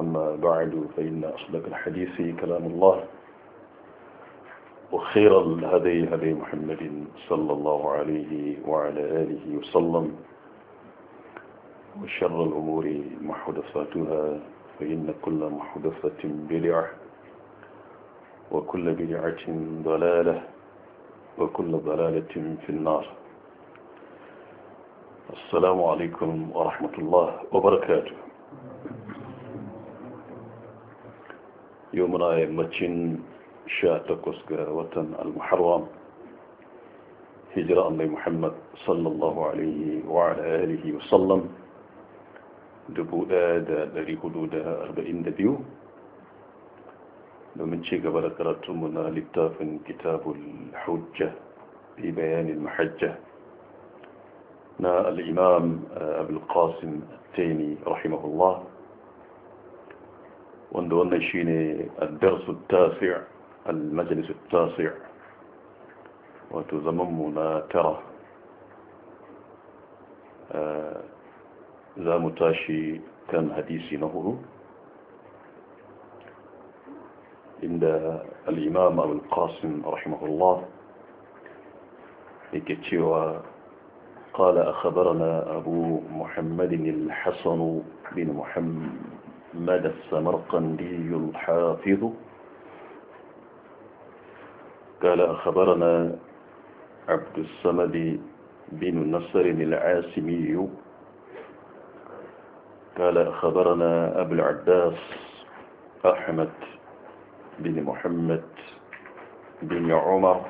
أما بعد فإن أصدق الحديث كلام الله وخير الهدي هدي محمد صلى الله عليه وعلى آله وسلم وشر الأمور محدثاتها فإن كل محدثة بدعة وكل بدعة ضلالة وكل ضلالة في النار السلام عليكم ورحمة الله وبركاته يوم راي متشن شاتكوس وطن المحرم هجرة الله محمد صلى الله عليه وعلى آله وسلم دبو دا داري حدود أربعين دبيو ومن شيء قبل قرأتمنا لكتاب كتاب الحجة في بيان المحجة نا الإمام أبو القاسم التيمي رحمه الله وندونا شيني الدرس التاسع المجلس التاسع وتزممنا ترى ذا آه، متاشي كان حديثي نهر عند الإمام أبو القاسم رحمه الله لكتشوى قال أخبرنا أبو محمد الحسن بن محمد مدى السمرقندي الحافظ قال أخبرنا عبد الصمد بن نصر العاسمي قال أخبرنا أبو العباس أحمد بن محمد بن عمر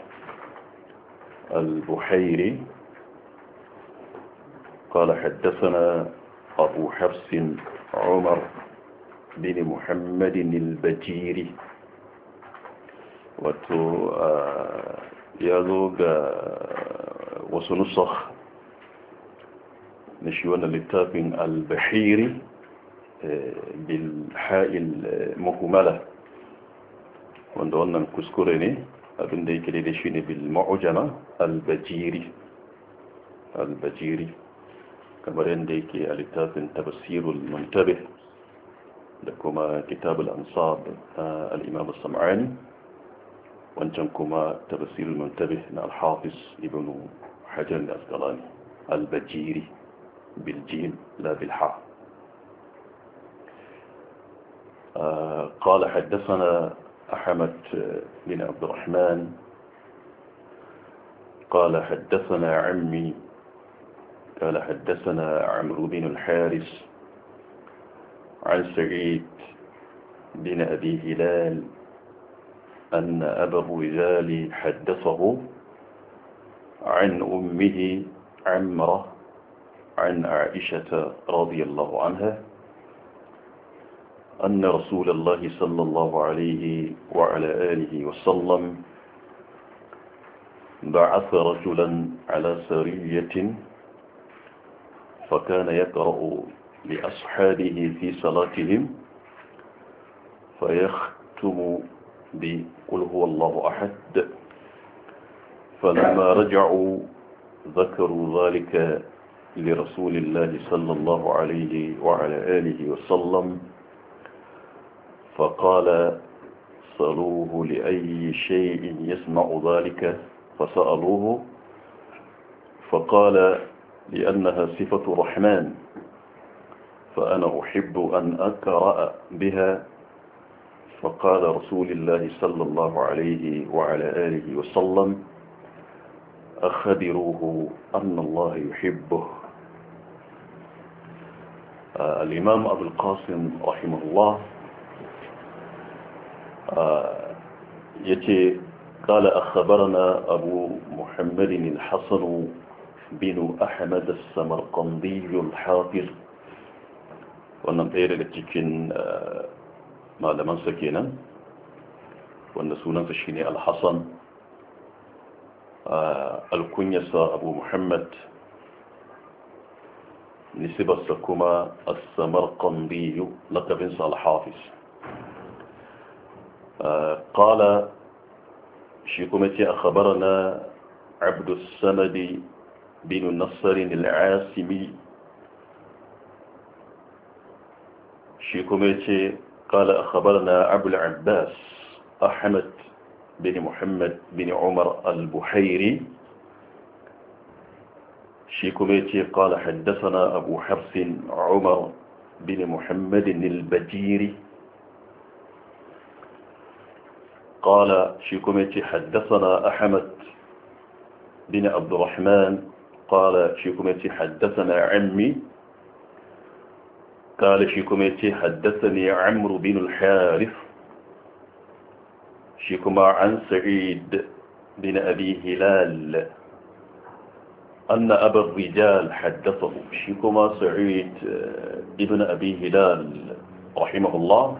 البحيري قال حدثنا أبو حفص عمر بن محمد البجير وتو آه، يلوغ آه، وسنسخ نشيوان لتاب البحيري آه، بالحاء المهملة وندوانا نكسكريني أبن ديك ليشيني بالمعجنة البجيري البجيري كما رين ديك لتاب تبصير المنتبه لكما كتاب الأنصاب آه، الإمام الصمعاني وانتمكما تفسير المنتبه من الحافظ ابن حجر الأسقلاني البجيري بالجيم لا بالحاء آه، قال حدثنا أحمد بن عبد الرحمن قال حدثنا عمي قال حدثنا عمرو بن الحارث عن سعيد بن أبي هلال أن أبا الرجال حدثه عن أمه عمرة عن عائشة رضي الله عنها أن رسول الله صلى الله عليه وعلى آله وسلم بعث رجلا على سرية فكان يقرأ لأصحابه في صلاتهم فيختم بقل هو الله أحد فلما رجعوا ذكروا ذلك لرسول الله صلى الله عليه وعلى آله وسلم فقال صلوه لأي شيء يسمع ذلك فسألوه فقال لأنها صفة رحمن فأنا أحب أن أقرأ بها فقال رسول الله صلى الله عليه وعلى آله وسلم أخبروه أن الله يحبه آه، الإمام أبو القاسم رحمه الله آه، يتي قال أخبرنا أبو محمد الحسن بن أحمد السمرقندي الحافظ wannan ɗaya daga cikin malamansa kenan wanda sunansa shine al-hassan al-kunyasa abu muhammad nisibarsa kuma asamar ƙandiyu laƙabinsa al-hafiz ƙala shi kuma ce a khabarana abdus sanadi bin nassarin al-asimi شيكوميتي قال أخبرنا عبد العباس أحمد بن محمد بن عمر البحيري شيكوميتي قال حدثنا أبو حرس عمر بن محمد البجيري قال شيكوميتي حدثنا أحمد بن عبد الرحمن قال شيكوميتي حدثنا عمي قال شيكم يتي حدثني عمرو بن الحارث شيكما عن سعيد بن أبي هلال أن أبا الرجال حدثه شيكما سعيد بن أبي هلال رحمه الله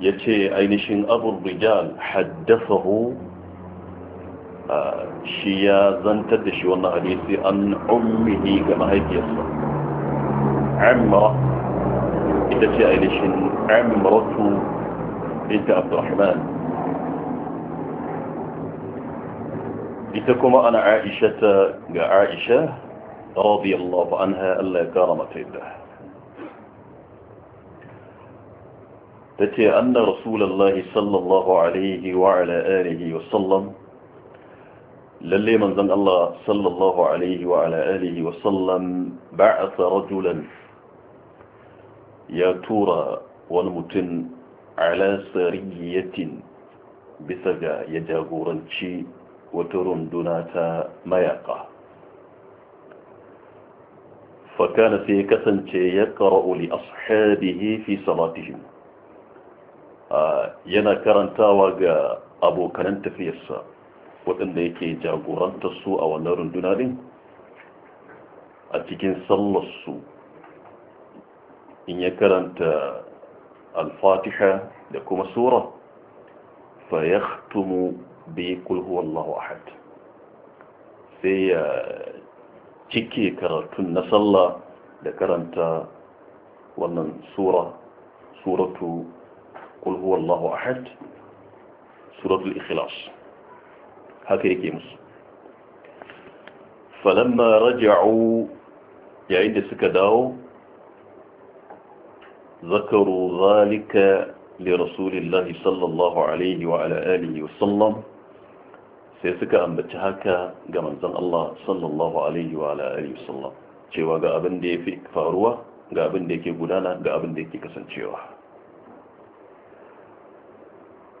يتي أين شين أبو الرجال حدثه آه، شيا زنتدش وانا حديثي أن أمه كما هيك يصدر عمرة إذا جاء ليش عمرة بنت عبد الرحمن لتكما أنا عائشة عائشة رضي الله عنها ألا كرمت الله تتي أن رسول الله صلى الله عليه وعلى آله وسلم للي من ذن الله صلى الله عليه وعلى آله وسلم بعث رجلا ya tura wani mutum alasarigiyatin bisa ga ya jagoranci wata runduna ta mayaka fakana sai ya kasance ya ƙara'u li ashabihi fi salatihim yana karantawa ga abokan tafiyarsa waɗanda yake jagorantar su a wannan runduna din a cikin sallarsu in ya karanta alfatiha da kuma sura fa ya bi kulhu wallahu ahad sai ya cike karatun na sallah da karanta wannan sura suratu kulhu wallahu ahad suratul ikhlas haka yake musu فلما رجعوا yayin سكداو ذكروا ذلك لرسول الله صلى الله عليه وعلى آله وسلم سيسك أن بتهاك جمن زن الله صلى الله عليه وعلى آله وسلم cewa ga abin da ya fi faruwa ga abin da yake gudana ga abin da yake kasancewa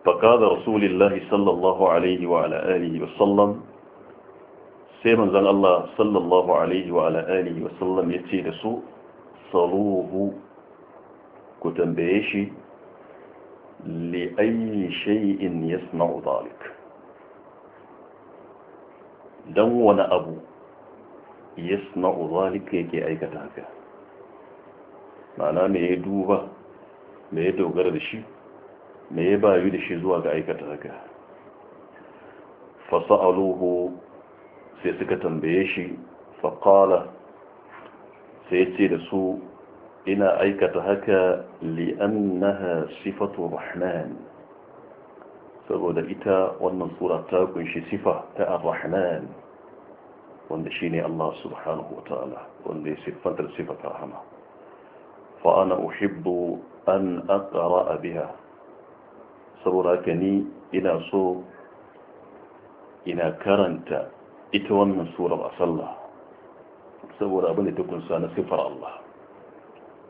faƙada rasulillahi sallallahu alaihi wa ala'alihi sai manzan Allah sallallahu alaihi wa ala'alihi ya ce da su saluhu ku tambaye shi li ayi ya suna dhalik Don wani abu ya suna dhalik yake aikata haka ma'ana me ya duba me ya dogara da shi me ya bayu da shi zuwa ga aikata haka fasa'aluhu sai suka tambaye shi faƙala sai ce da su إن أيكتهك لأنها صفة الرحمن فقد إتا والنصورة تاكن شي صفة تاء الرحمن واندشيني الله سبحانه وتعالى واندي صفة صفة رحمة فأنا أحب أن أقرأ بها سبراكني إلى سو إلى كرنت إتوان من سورة الله سبرا بني تكون سانا صفر الله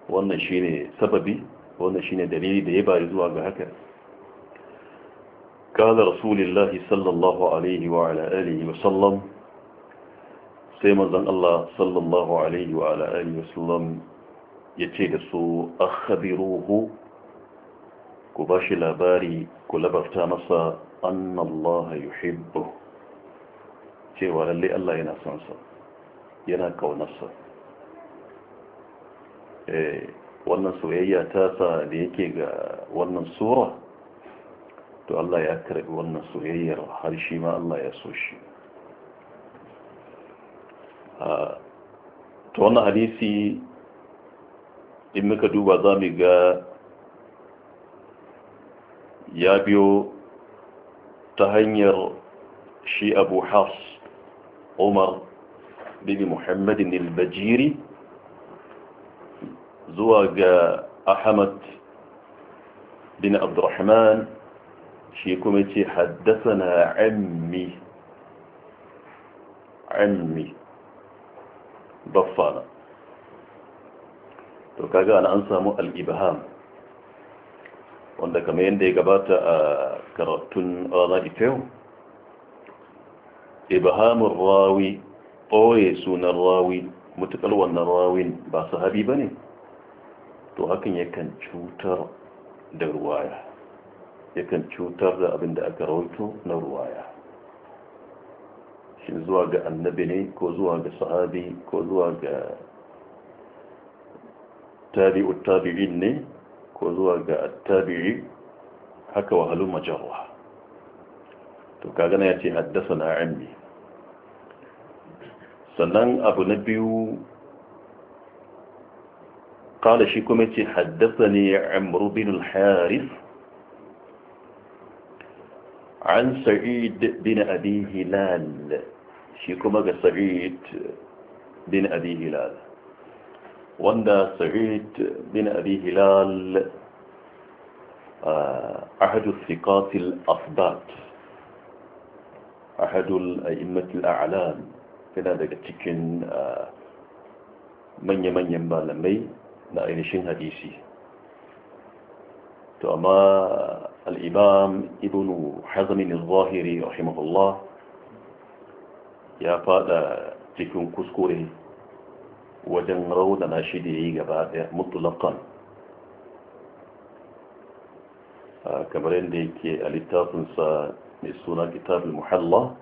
wannan shi ne sababi wannan shi ne dalili da ya bari zuwa ga haka kala rasulullahi sallallahu alaihi wa ala'alihi sai mazan Allah sallallahu ya ce da su a khabiruhu ku ba shi labari ku labarta masa annallaha ya hibbu cewa lallai Allah yana sansa yana kaunarsa Eh, wannan soyayya ta sa da yake ga wannan sura to Allah ya karbi wannan soyayyar har shi ma Allah ya so shi ah, to wannan hadisi in muka duba za mu ga ya biyo ta hanyar shi abu hafs umar bin muhammadin al zuwa ga ahmad bin abdurrahman shi kuma ce haddasa na ammi ammi baffana to kaga ana an samu al'ibham wanda kamar yanda ya gabata a karatun ranar ita rawi ɓoye sunan rawi mutukar wannan rawin ba sahabi ba ne to hakan yakan cutar da ruwaya yakan cutar da abin da aka rawaito na ruwaya shi zuwa ga annabi ne ko zuwa ga sahabi ko zuwa ga tabi'ut tabi'in ne ko zuwa ga tabi'i haka wahalu majarwa to kagana ya ce haddasa na ammi sannan abu na biyu قال شيكم حدثني عمرو بن الحارث عن سعيد بن أبي هلال شيكم سعيد بن أبي هلال وندا سعيد بن أبي هلال آه، أحد الثقات الأفضات أحد الأئمة الأعلام في ذلك التكن من يمن يمبال مي لأينشين يعني هديسي تأما الإمام ابن حزم الظاهري رحمه الله يا فادا تكون كسكوري وجن رود ناشدي جبادة مطلقا آه، كمرين ديك الاتاثن سا نسونا كتاب المحلة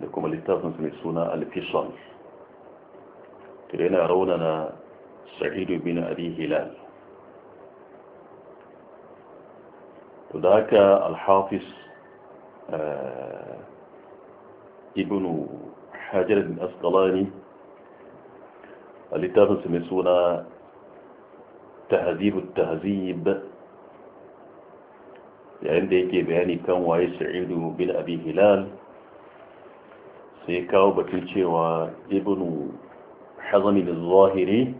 لكم الاتاثن سا نسونا الفيصل ترين رودنا سعيد بن أبي هلال وذاك الحافظ آه، ابن حجر بن أسقلاني الذي سمسونا تهذيب التهذيب عند يعني يجي بياني كان واي سعيد بن أبي هلال سيكاو بكيتشي وابن حزم الظاهري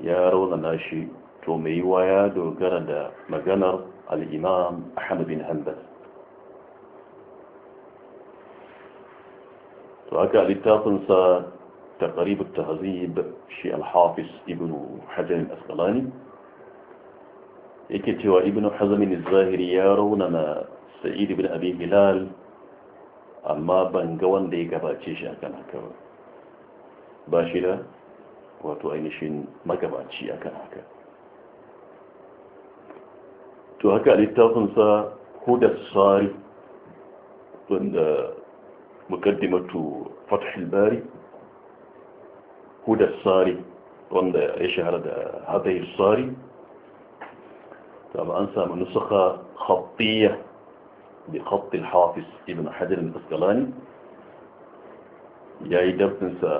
ya raunana shi to mai yiwa ya dogara da maganar al'imam ahmad bin hanbal to haka littafinsa تقريب التهذيب شيء الحافظ ابن حجر الأسقلاني يكتوى ابن حزم الزاهري ياروننا سعيد بن أبي هلال أما بنقوان ديك باتشيش أكان هكذا باشلا wato ainihin magabaci a kan haka to haka littafinsa hudar tsari wanda mukaddimatu fatahil bari hudar tsari wanda ya shahara da hadayar tsari طبعا سام نسخة خطية بخط الحافظ ابن حجر الأسقلاني يا يدب ننسى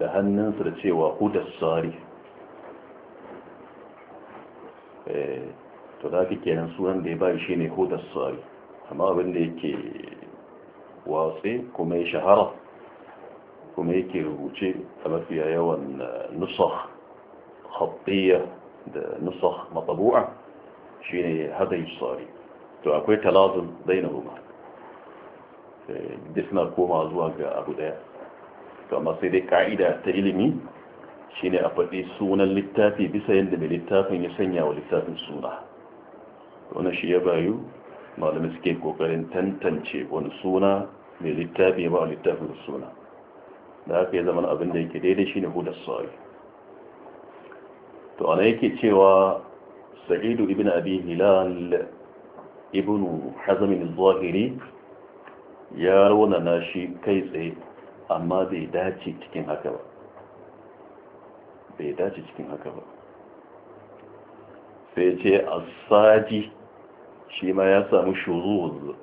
da hannunsu da cewa hudar sari eh, to da kenan sunan da ya bayi shi ne hudar sari amma abinda yake watsi kuma ya shahara kuma yake rubuce a mafiya yawan eh, nusar khattiyya da nusar matabu'a shi ne hadayi sari to akwai talazun na huma eh, disna koma zuwa ga abu daya to sai dai ka'ida ta ilimi shine a faɗi sunan littafi bisa yadda mai littafin ya sanya wa littafin suna wani shi ya bayu malami suke kokarin tantance wani suna mai littafi ba littafin suna da haka ya zama abin da yake daidai shi ne hudar sa'ari to ana yake cewa sa'idu ibn abi hilal ibn Hazamin zahiri ya na shi kai tsaye amma bai dace cikin haka ba bai dace cikin haka ba sai ce asadi shi ma ya samu shuzuz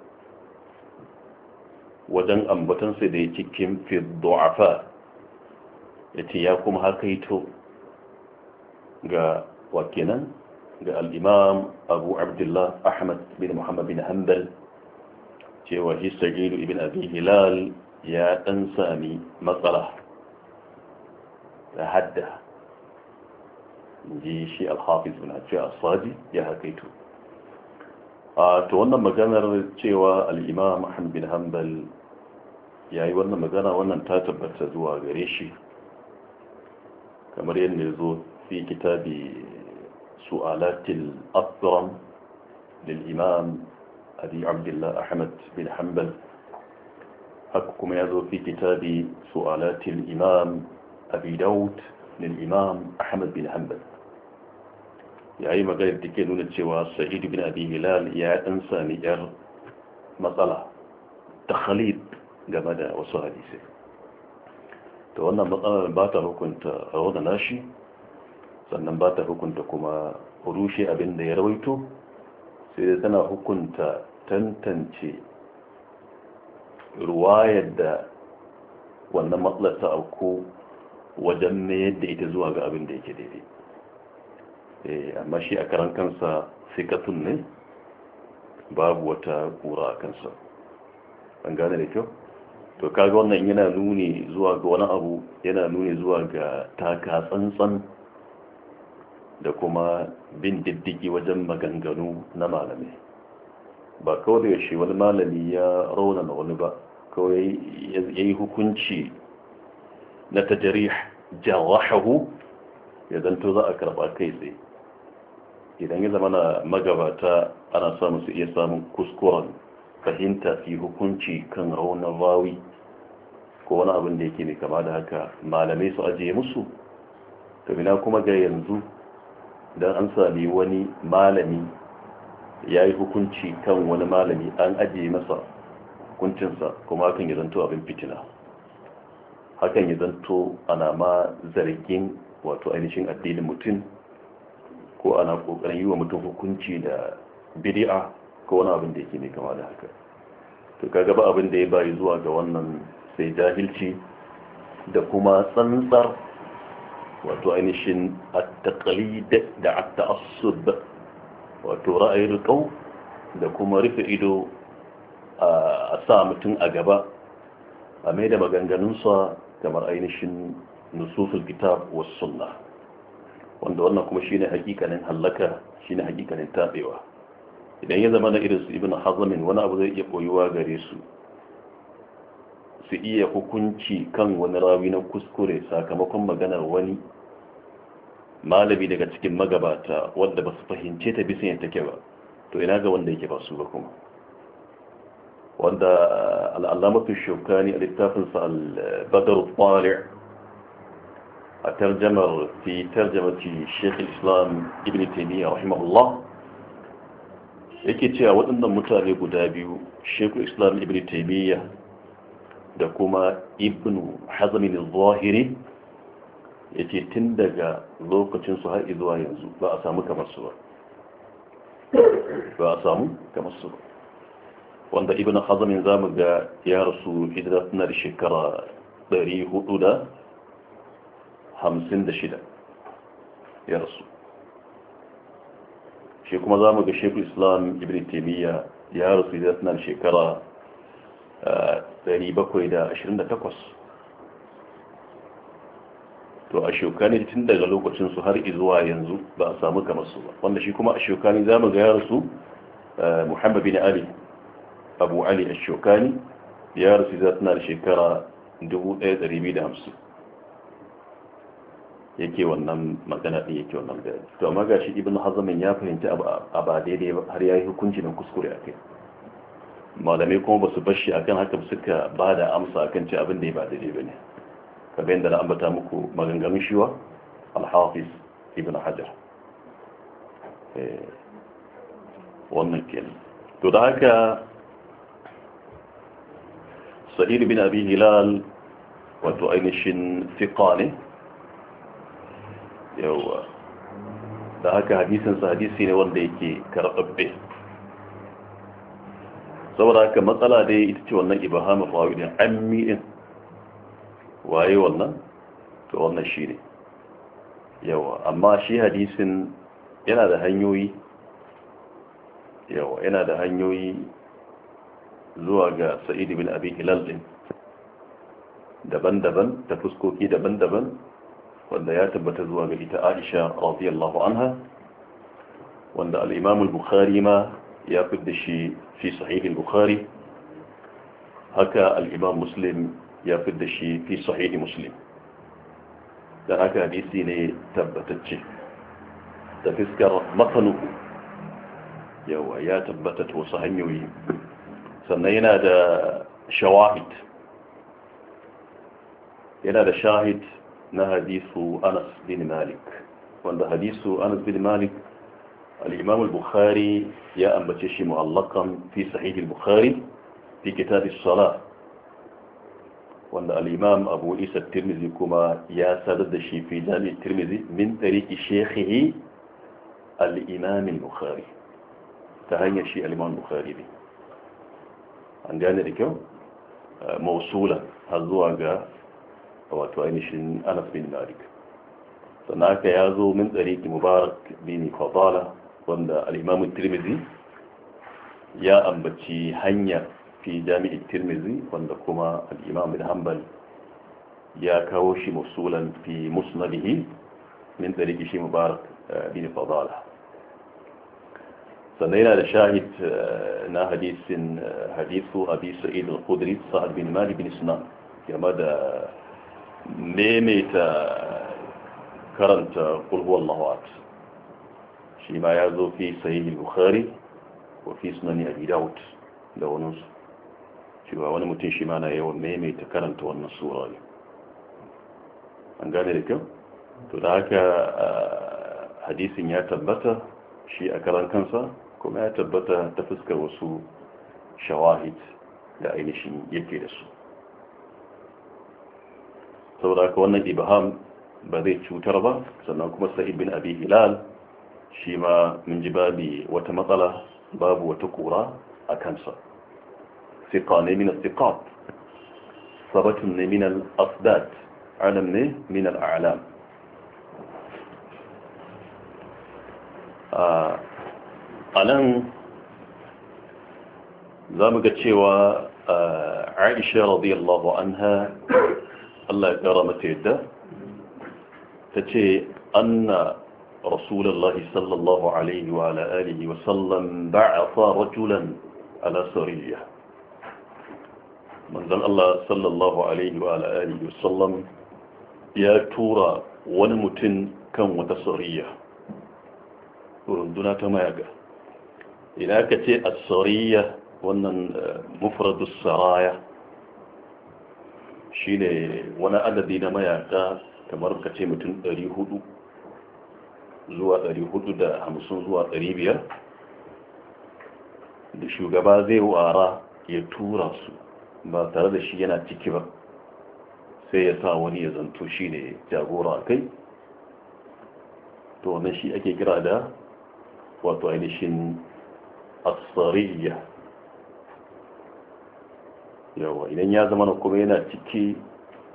wajen ambatansa da ya cikin fiddu'afa ya ce ya kuma haka ito ga wakinan ga al'imam abu abdullah ahmad bin muhammad bin hanbal cewa hisagilu ibn abi hilal ya ɗan sami matsala da hadda ji shi alhafiz na cewa sadi ya haƙaito a ta wannan maganar cewa al'imam bin hanbal ya yi wannan magana wannan ta tabbata zuwa gare shi kamar yadda ya zo fi kitabi su'alatil afram lil imam abi Abdullahi ahmad bin hanbal haka kuma ya zo fi kitabi su'alatil imam abi daud lil imam ahmad bin hanbal yayi magana da take nuna cewa sa'id bin abi hilal ya dan sami yar matsala ta khalid game da wasu hadisi to wannan matsalar ba ta hukunta rawar nashi sannan ba ta hukunta kuma rushe abin da ya rawaito sai tana hukunta tantance ruwayar da wannan matsalar ta auku wajen ne yadda ita zuwa ga abin da yake daidai eh, amma shi a karan kansa ka ne babu wata kura a kansa an gane da kyau to kaga wannan yana nuni zuwa ga wani abu yana nuni zuwa ga taka tsantsan da kuma bin diddigi wajen maganganu na malami ba kawai da yashe wani malami ya rauna na wani ba kawai ya yi hukunci na tajarih jawahahu ya zanto za a karɓa kai tsaye idan ya zama na magabata ana samun su iya samun kuskuren fahimta fi hukunci kan raunar rawi ko wani abin da yake mai kama da haka malamai su ajiye musu kamina kuma ga yanzu don an sami wani malami ya yi hukunci kan wani malami an ajiye masa hukuncinsa kuma hakan ya zanto abin fitina hakan ya zanto ana ma zargin wato ainihin addinin mutum ko ana kokarin yi wa mutum hukunci da bidi'a, ko wani abin da yake mai kama da haka to kaga ba abin da ya bayi zuwa ga wannan sai jahilci da kuma tsantsar wato ainihin at-taqlid da at-ta'assub wato ra'ayin da kuma rufe ido a sa mutum a gaba a mai da maganganunsa kamar ainihin nususul kitab wasu sunna wanda wannan kuma shi ne hakikanin hallaka shi ne hakikanin taɓewa idan ya zama na irin su ibn hazamin wani abu zai iya koyuwa gare su su iya hukunci kan wani rawi na kuskure sakamakon maganar wani malami daga cikin magabata wadda ba su fahimce ta bisa yadda ke ba to ina ga wanda yake ba su ba kuma wanda al'alamatu shaukani a littafinsa al-badar tsari a tarjamar fi tarjamaci sheikh islam ibn taimiyya rahimahullah yake cewa waɗannan mutane guda biyu sheikh islam ibn taimiyya da kuma ibn hazamin zahiri ya ce tun daga lokacinsu har izuwa yanzu ba a samu kamar su ba ba a samu kamar su ba wanda ibn hazamin za mu ga ya rasu hijira da shekara 456 ya rasu shi kuma za mu ga shekul islam ibn taimiyya ya rasu hijira da shekara 728 to a shekani tun daga lokacinsu har izuwa yanzu ba a samu kamar su ba wanda shi kuma a shekani za mu ga ya rasu muhammad bin ali abu ali ashokani ya rasu za tana da shekara 1250 yake wannan magana ɗin yake wannan bayani to amma shi ibn hazamin ya fahimci a ba daidai har ya yi hukunci don kuskure a kai malamai kuma ba su bashi akan haka suka ba da amsa akan ci abin da ya ba daidai ba ne kamar yadda na ambata muku maganganun shiwa Alhafis ibn hajar eh, wannan kenan to da haka sa'id bin abi hilal wato ainihin fiqa ne yawa da haka hadisinsa hadisi ne wanda yake karɓaɓɓe saboda haka matsala dai ita ce wannan Ibrahim fa'idin ammi din waye wannan to wannan shi ne yawa amma shi hadisin yana da hanyoyi yawa yana da hanyoyi zuwa ga sa'id bin abi hilal daban-daban ta fuskoki daban-daban wanda ya tabbata zuwa ga ita aisha radiyallahu anha wanda al-imam bukhari ma ya fidda shi fi sahih al-bukhari haka al-imam muslim ya fidda shi fi sahih muslim dan haka hadisi ne tabbatacce da fiskar matanuku yawa ya tabbata ta wasu hanyoyi sannan yana da shawahid yana da shahid na hadisu anas bin malik wanda hadisu anas bin الإمام البخاري يا أم بتشي معلقا في صحيح البخاري في كتاب الصلاة وأن الإمام أبو عيسى الترمذي كما يا سدد الشي في جامع الترمذي من طريق شيخه الإمام البخاري تهيأ شيء الإمام البخاري به an gane da kyau eh, mausula har zuwa ga wato ainihin anas bin malik sannan haka ya zo min tsariki mubarak bin fadala wanda al-imam tirmizi ya ambaci hanya fi jami'in tirmizi wanda kuma al'imam bin hanbal ya kawo shi musulan fi musnadihi min tsariki shi mubarak eh, bin fadala sannan yana da shahid na hadisin hadisu abi sa'id al-khudri sa'ad bin malik bin sunan game da maimaita karanta kulhu wallahu at shi ma ya zo fi sahih al-bukhari wa fi sunan abi daud da wani cewa wani mutum shi ma na yawan maimaita karanta wannan sura ne an gane da kyau to da haka hadisin ya tabbata shi a karan kansa kuma ya tabbata ta fuskar wasu shawahid da ainihin yake da su saboda haka wannan ibham ba zai cutar ba sannan kuma sa'id bin abi hilal shi ma mun ji babi wata matsala babu wata kura a kansa siqa ne min siqat sabatun ne min al-asdat alam ne min al-a'lam ah, a nan za mu ga cewa aisha radiyallahu anha Allah ya ƙara mata yadda ta ce anna rasulallah sallallahu alaihi wa ala'alihi wasallam ba'ata rajulan ala sariya manzan Allah sallallahu alaihi wa ala'alihi wasallam ya tura wani mutum kan wata sariya runduna ta mayaga idan aka ce a asariya wannan eh, mufradus saraya shi ne wani adadi na mayaka kamar ka ce mutum 400 zuwa 450 zuwa 500 da shugaba zai wara ya tura su ba tare da shi yana ciki ba sai ya sa wani ya zanto shi ne jagora kai to wannan shi ake kira da wato ainihin asariya yawa idan ya zama na kuma yana ciki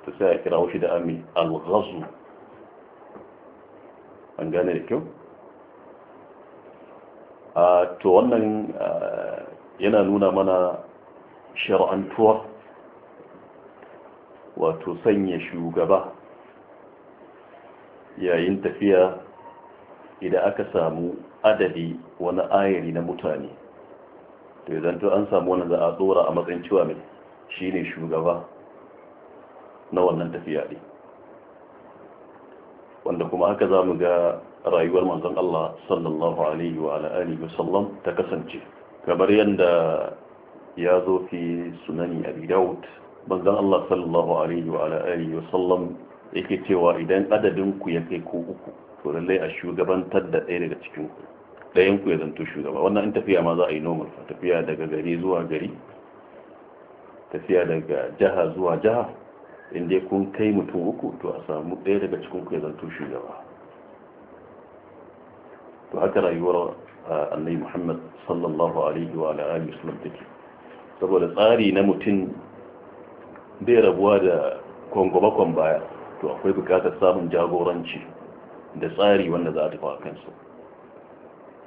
ta sai a kira shi da ami alghazu an gane da kyau to wannan yana nuna mana shar'antuwa wato sanya shugaba yayin tafiya idan aka samu adadi wani ayari na mutane to idan to an samu wannan za a tsora a matsayin cewa mai shi ne shugaba na wannan tafiya ne wanda kuma haka za mu ga rayuwar manzan Allah sallallahu alaihi wa alihi musallam ta kasance kamar yadda ya zo fi sunani a bidawut manzan Allah sallallahu alaihi wa alihi musallam yake cewa idan adadinku ya kai ko uku to lallai a shugabantar da ɗaya daga cikin ɗayan ku ya zanto shugaba wannan in tafiya ma za a yi normal tafiya daga gari zuwa gari tafiya daga jaha zuwa in inda kun kai mutum uku to a samu ɗaya daga cikin ku ya zanto shugaba to haka rayuwar annai muhammad sallallahu alaihi wa ala'ayi islam take saboda tsari na mutum bai rabuwa da kwangwabakon baya to akwai bukatar samun jagoranci da tsari wanda za a tafi a kansu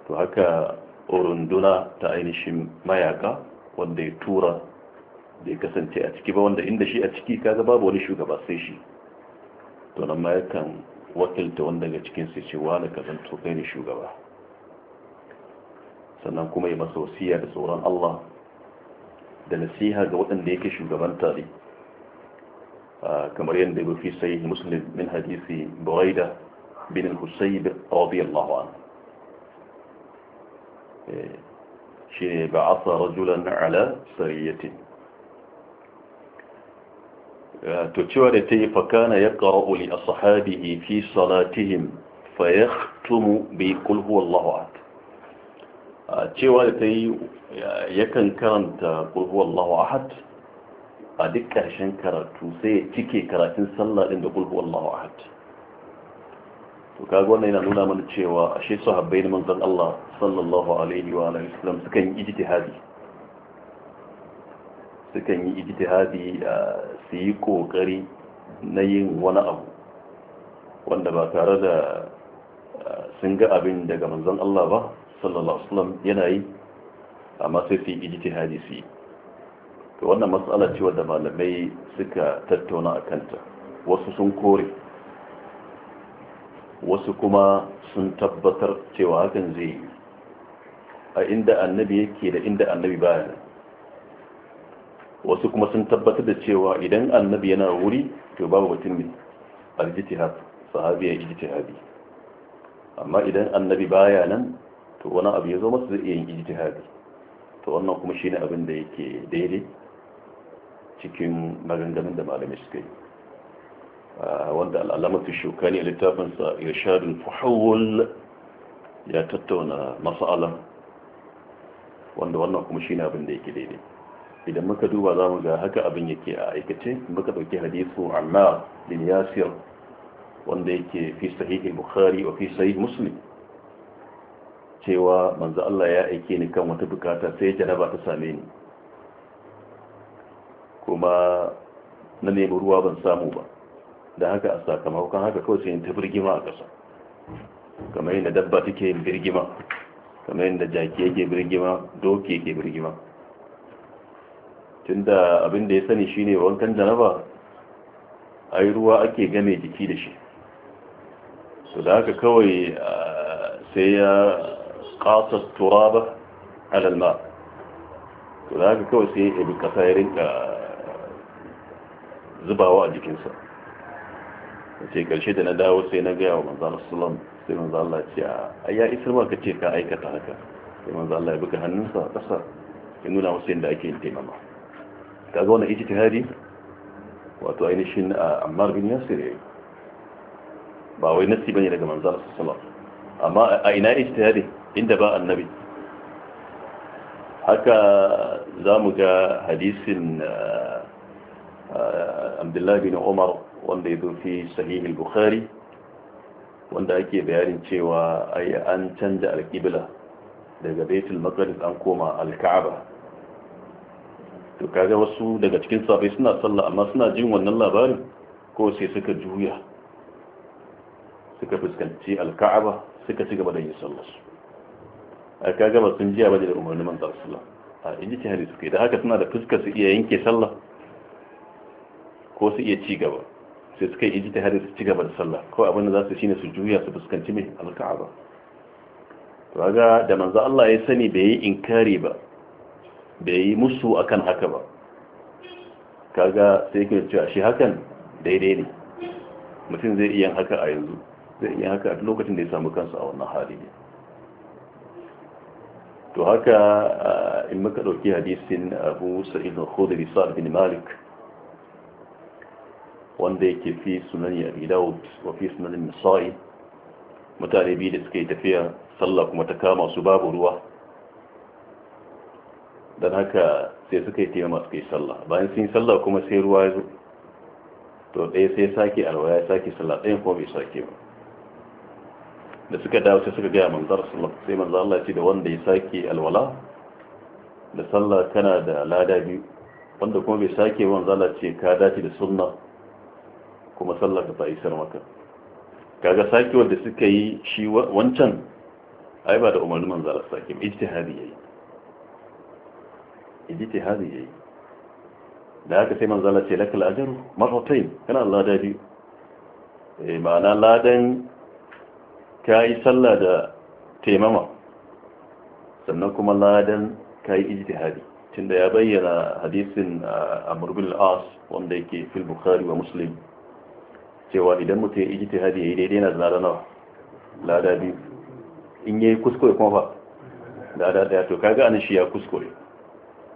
to haka urunduna ta ainihin mayaka wanda ya tura da ya kasance a ciki ba wanda inda shi a ciki kaga babu wani shugaba sai shi to nan ma wakilta wanda daga cikin sai ce wani ka to kai ne shugaba sannan kuma yi masa wasiya da tsoron Allah da nasiha ga waɗanda yake shugaban tare kamar yadda ya fi sai muslim min hadisi buraida bin al-husayb radiyallahu anhu إيه، شيني بعث رجلا على سرية آه، تتشوري تي فكان يقرأ لأصحابه في صلاتهم فيختم بكل هو الله أحد تتشوري تي يكن كرمت قل هو الله أحد أدك آه، آه، عشان كرتو سيتكي كرتين صلى عند قل هو الله أحد to kaga wannan yana nuna mana cewa ashe sahabbai na manzon Allah sallallahu alaihi wa alihi wasallam sukan yi ijtihadi sukan yi ijtihadi su yi kokari na yin wani abu wanda ba tare da sun ga abin daga manzon Allah ba sallallahu alaihi wasallam yana yi amma sai su yi ijtihadi su yi to wannan matsala ce wadda malamai suka tattauna a kanta wasu sun kore wasu kuma sun tabbatar cewa hakan zai yi a inda annabi yake da inda annabi baya wasu kuma sun tabbatar da cewa idan annabi yana wuri to babu mutum ne aljitihad sahabi ya ijtihadi amma idan annabi baya nan to wani abu ya zo masa zai iya yin ijtihadi to wannan kuma shi ne abin da yake daidai cikin maganganun da malamai suka yi wanda al'alamatu shukani a littafinsa ya shaɗin fuhawul ya tattauna masala wanda wannan kuma shi abin da yake daidai idan muka duba za mu ga haka abin yake a aikace muka ɗauki hadisu amma bin yasir wanda yake fi sahihi bukhari wa fi sahih cewa manzo Allah ya aike ni kan wata bukata sai janaba ta same ni kuma na nemi ruwa ban samu ba da haka a sakamakon haka kawai sai ta birgima a ƙasa kamar yadda dabba take birgima kamar yadda jaki yake birgima doki yake birgima tunda abin da ya sani shi ne wankan janaba yi ruwa ake game jiki da shi to da haka kawai sai ya ƙasa ba alalma to da haka kawai sai ya bi ƙasa ya rinka zubawa a jikinsa ce karshe da na dawo sai na gaya wa manzan sulam sai manzan Allah ce a ya isar ba ka ce ka aikata haka sai manzan Allah ya buga hannunsa a ƙasa ya nuna wasu yadda ake yin taimama ka ga wani ijtihadi wato ainihin a ammar bin yasir yi. ba wai nasi bane daga manzan sulam amma a ina ijtihadi inda ba annabi haka za mu ga hadisin eh, eh, abdullahi bin umar wanda ya zo fi sahihul bukhari wanda ake bayanin cewa ai an canja alqibla daga baitul maqdis an koma alka'aba to kaga wasu daga cikin sahabbai suna sallah amma suna jin wannan labarin ko sai suka juya suka fuskanci alka'aba suka ci gaba da yin su a kaga ba sun jiya ba da umarni manzon wasallam a inji ta hadisi kai da haka suna da fuskar su iya yanke sallah ko su iya ci gaba sai suka yi ijtihadi su ci gaba da sallah ko abin da za su shine su juya su fuskanci mai alka'aba to kaga da manzo Allah ya sani bai yi inkari ba bai yi musu akan haka ba kaga sai yake cewa shi hakan daidai ne mutum zai iya haka a yanzu zai iya haka a lokacin da ya samu kansa a wannan hali ne to haka ah, in muka dauki hadisin Abu Sa'id al-Khudri Sa'd bin Malik wanda yake fi sunan a daud wa fi sunan nisa'i mutane biyu da suka yi tafiya sallah kuma ta kama su babu ruwa don haka sai suka yi tema suka yi sallah bayan sun yi sallah kuma sai ruwa ya zo to ɗaya sai sake alwaya ya sake sallah ɗayan kuma bai sake ba da suka dawo sai suka gaya manzar sallah sai manzar Allah ce da wanda ya sake alwala da sallah kana da lada biyu wanda kuma bai sake manzar Allah ce ka dace da sunna kuma sallar ta isar maka kaga sake wanda suka yi shi wancan ai ba da umarnin manzara sake ba ijtihadi yayi ijtihadi yayi da haka sai manzala ce lakal ajru marratayn kana Allah da biyu eh ma'ana ladan kai sallah da taimama sannan kuma ladan kai ijtihadi tunda ya bayyana hadisin ah, Amr bin al-As wanda yake fil Bukhari wa Muslim cewa idan mutum ya ijiti hadi ya yi daidai na zina nawa lada biyu in ya yi kuskure kuma ba lada daya to kaga anan shi ya kuskure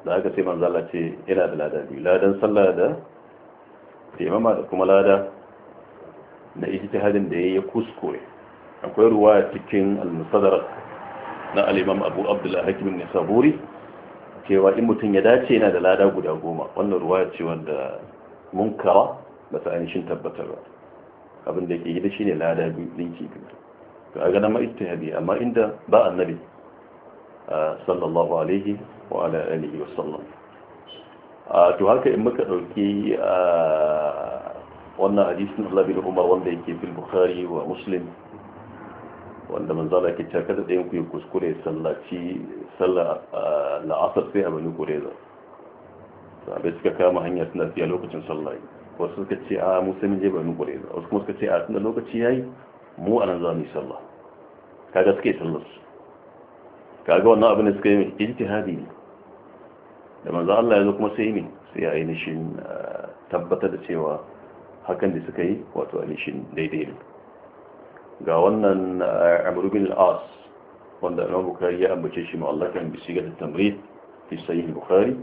da aka sai manzala ce yana da lada biyu ladan sallah da taimama da kuma lada na ijtihadin da ya yi kuskure akwai ruwaya cikin al-musaddarat na alimam Abu abdullahi hakimin ibn Saburi cewa in mutum ya dace yana da lada guda goma wannan ruwa ce wanda munkara ba ta ainihin tabbatar ba abin da da gida shine lada biyu dinki biyu to a ga nan ma ijtihadi amma inda ba annabi sallallahu alaihi wa ala alihi wa sallam to haka in muka dauki wannan hadisin Allah bin Umar wanda yake fil Bukhari wa Muslim wanda manzala yake cewa kada da ku yi kuskure sallaci sallar la'asar sai a bani kureza sabai suka kama hanyar suna siya lokacin sallah wasu suka ce a musulmi min je banu ba wasu kuma suka ce a da lokaci ya yi mu a nan za mu yi sallah kaga suka yi sallar su kaga wannan abin da suka yi mai ijtihadi ne da manzo Allah ya zo kuma sai ne sai ya ainihin eh, tabbatar da cewa hakan da suka yi wato ainihin daidai ne ga wannan eh, amru bin al wanda Imam Bukhari ya ambace shi mu'allakan bi da tamrid fi sahih Bukhari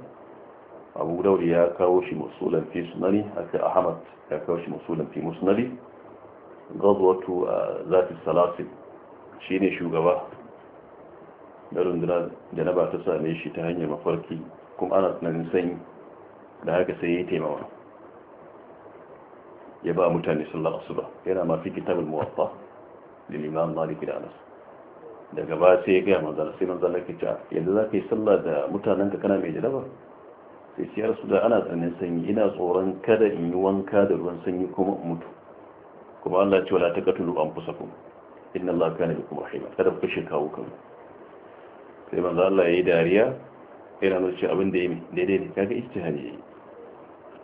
abu daud ya kawo shi musulun fi sunani haka ahmad ya kawo shi musulun fi musnadi gazwatu uh, zafi salasin ne shugaba da rundunar da na ba ta same shi ta hanyar mafarki kuma ana tunanin sanyi da haka sai ya taimawa ya ba mutane sun sallar ba. yana mafi kitabin muwafa da liman maliki da anas daga ba sai ya gaya manzala sai manzala ke yadda za ka yi sallah da mutanen ka kana mai jalabar sai su da ana tsanin sanyi ina tsoron kada in yi wanka da ruwan sanyi kuma mutu kuma Allah ce wala taqatulu anfusakum inna Allah kana bikum rahima kada ku kashe kawo kan sai manzo Allah yayi dariya ina nace abin da yimi daidai ne kaga ijtihadi yayi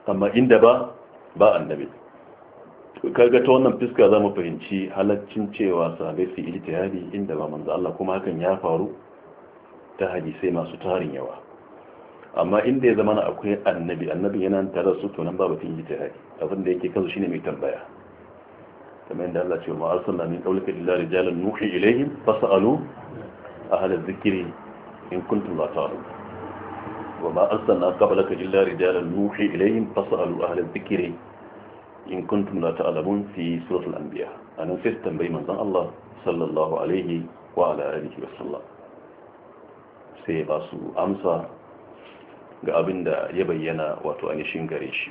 amma inda ba ba annabi kaga ta wannan fiska za mu fahimci halaccin cewa sahabai su ijtihadi inda ba manzo Allah kuma hakan ya faru ta hadisai masu tarin yawa amma inda ya zama akwai annabi annabi yana tare su to nan babu tin yi tare abin da yake kansu shine mai tambaya kamar yadda Allah ya ce ma arsalna min qawlika illa rijalan nuhi ilayhim fasalu ahla dhikri in kuntum la ta'lamun wa ma arsalna qablaka illa rijalan nuhi ilayhim fasalu ahla dhikri in kuntum la ta'lamun fi suratul anbiya anan sai tambayi manzon Allah sallallahu alaihi wa ala alihi wa sallam sai ba su amsa ga abin da ya bayyana wato anishin gare shi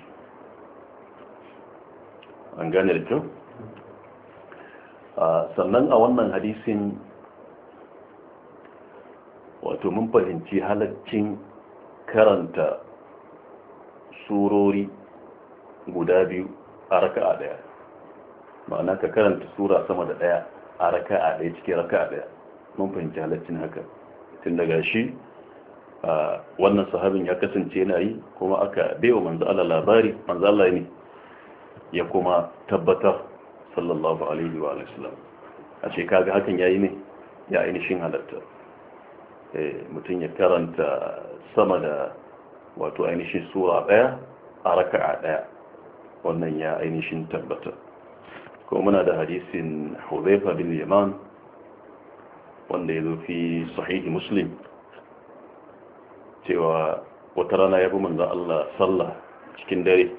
an gane da kyau sannan a wannan hadisin wato mun fahimci halaccin karanta surori guda biyu a a daya ma'ana ka karanta sura sama da daya a a daya cikin a daya mun fahimci halaccin haka tun daga shi wannan sahabin ya kasance na yi kuma aka baiwa manzala Allah labari Manzala ne ya kuma tabbatar sallallahu alaihi wa alaihi a ce kaga hakan yi ne ya ainihin halatta eh, mutum ya karanta sama da wato ainihin sura daya a a daya wannan ya ainihin tabbata kuma muna da hadisin huzaifa bin Yaman wanda ya zo fi sahihi Muslim cewa wata rana ya fi manzan Allah sallah cikin dare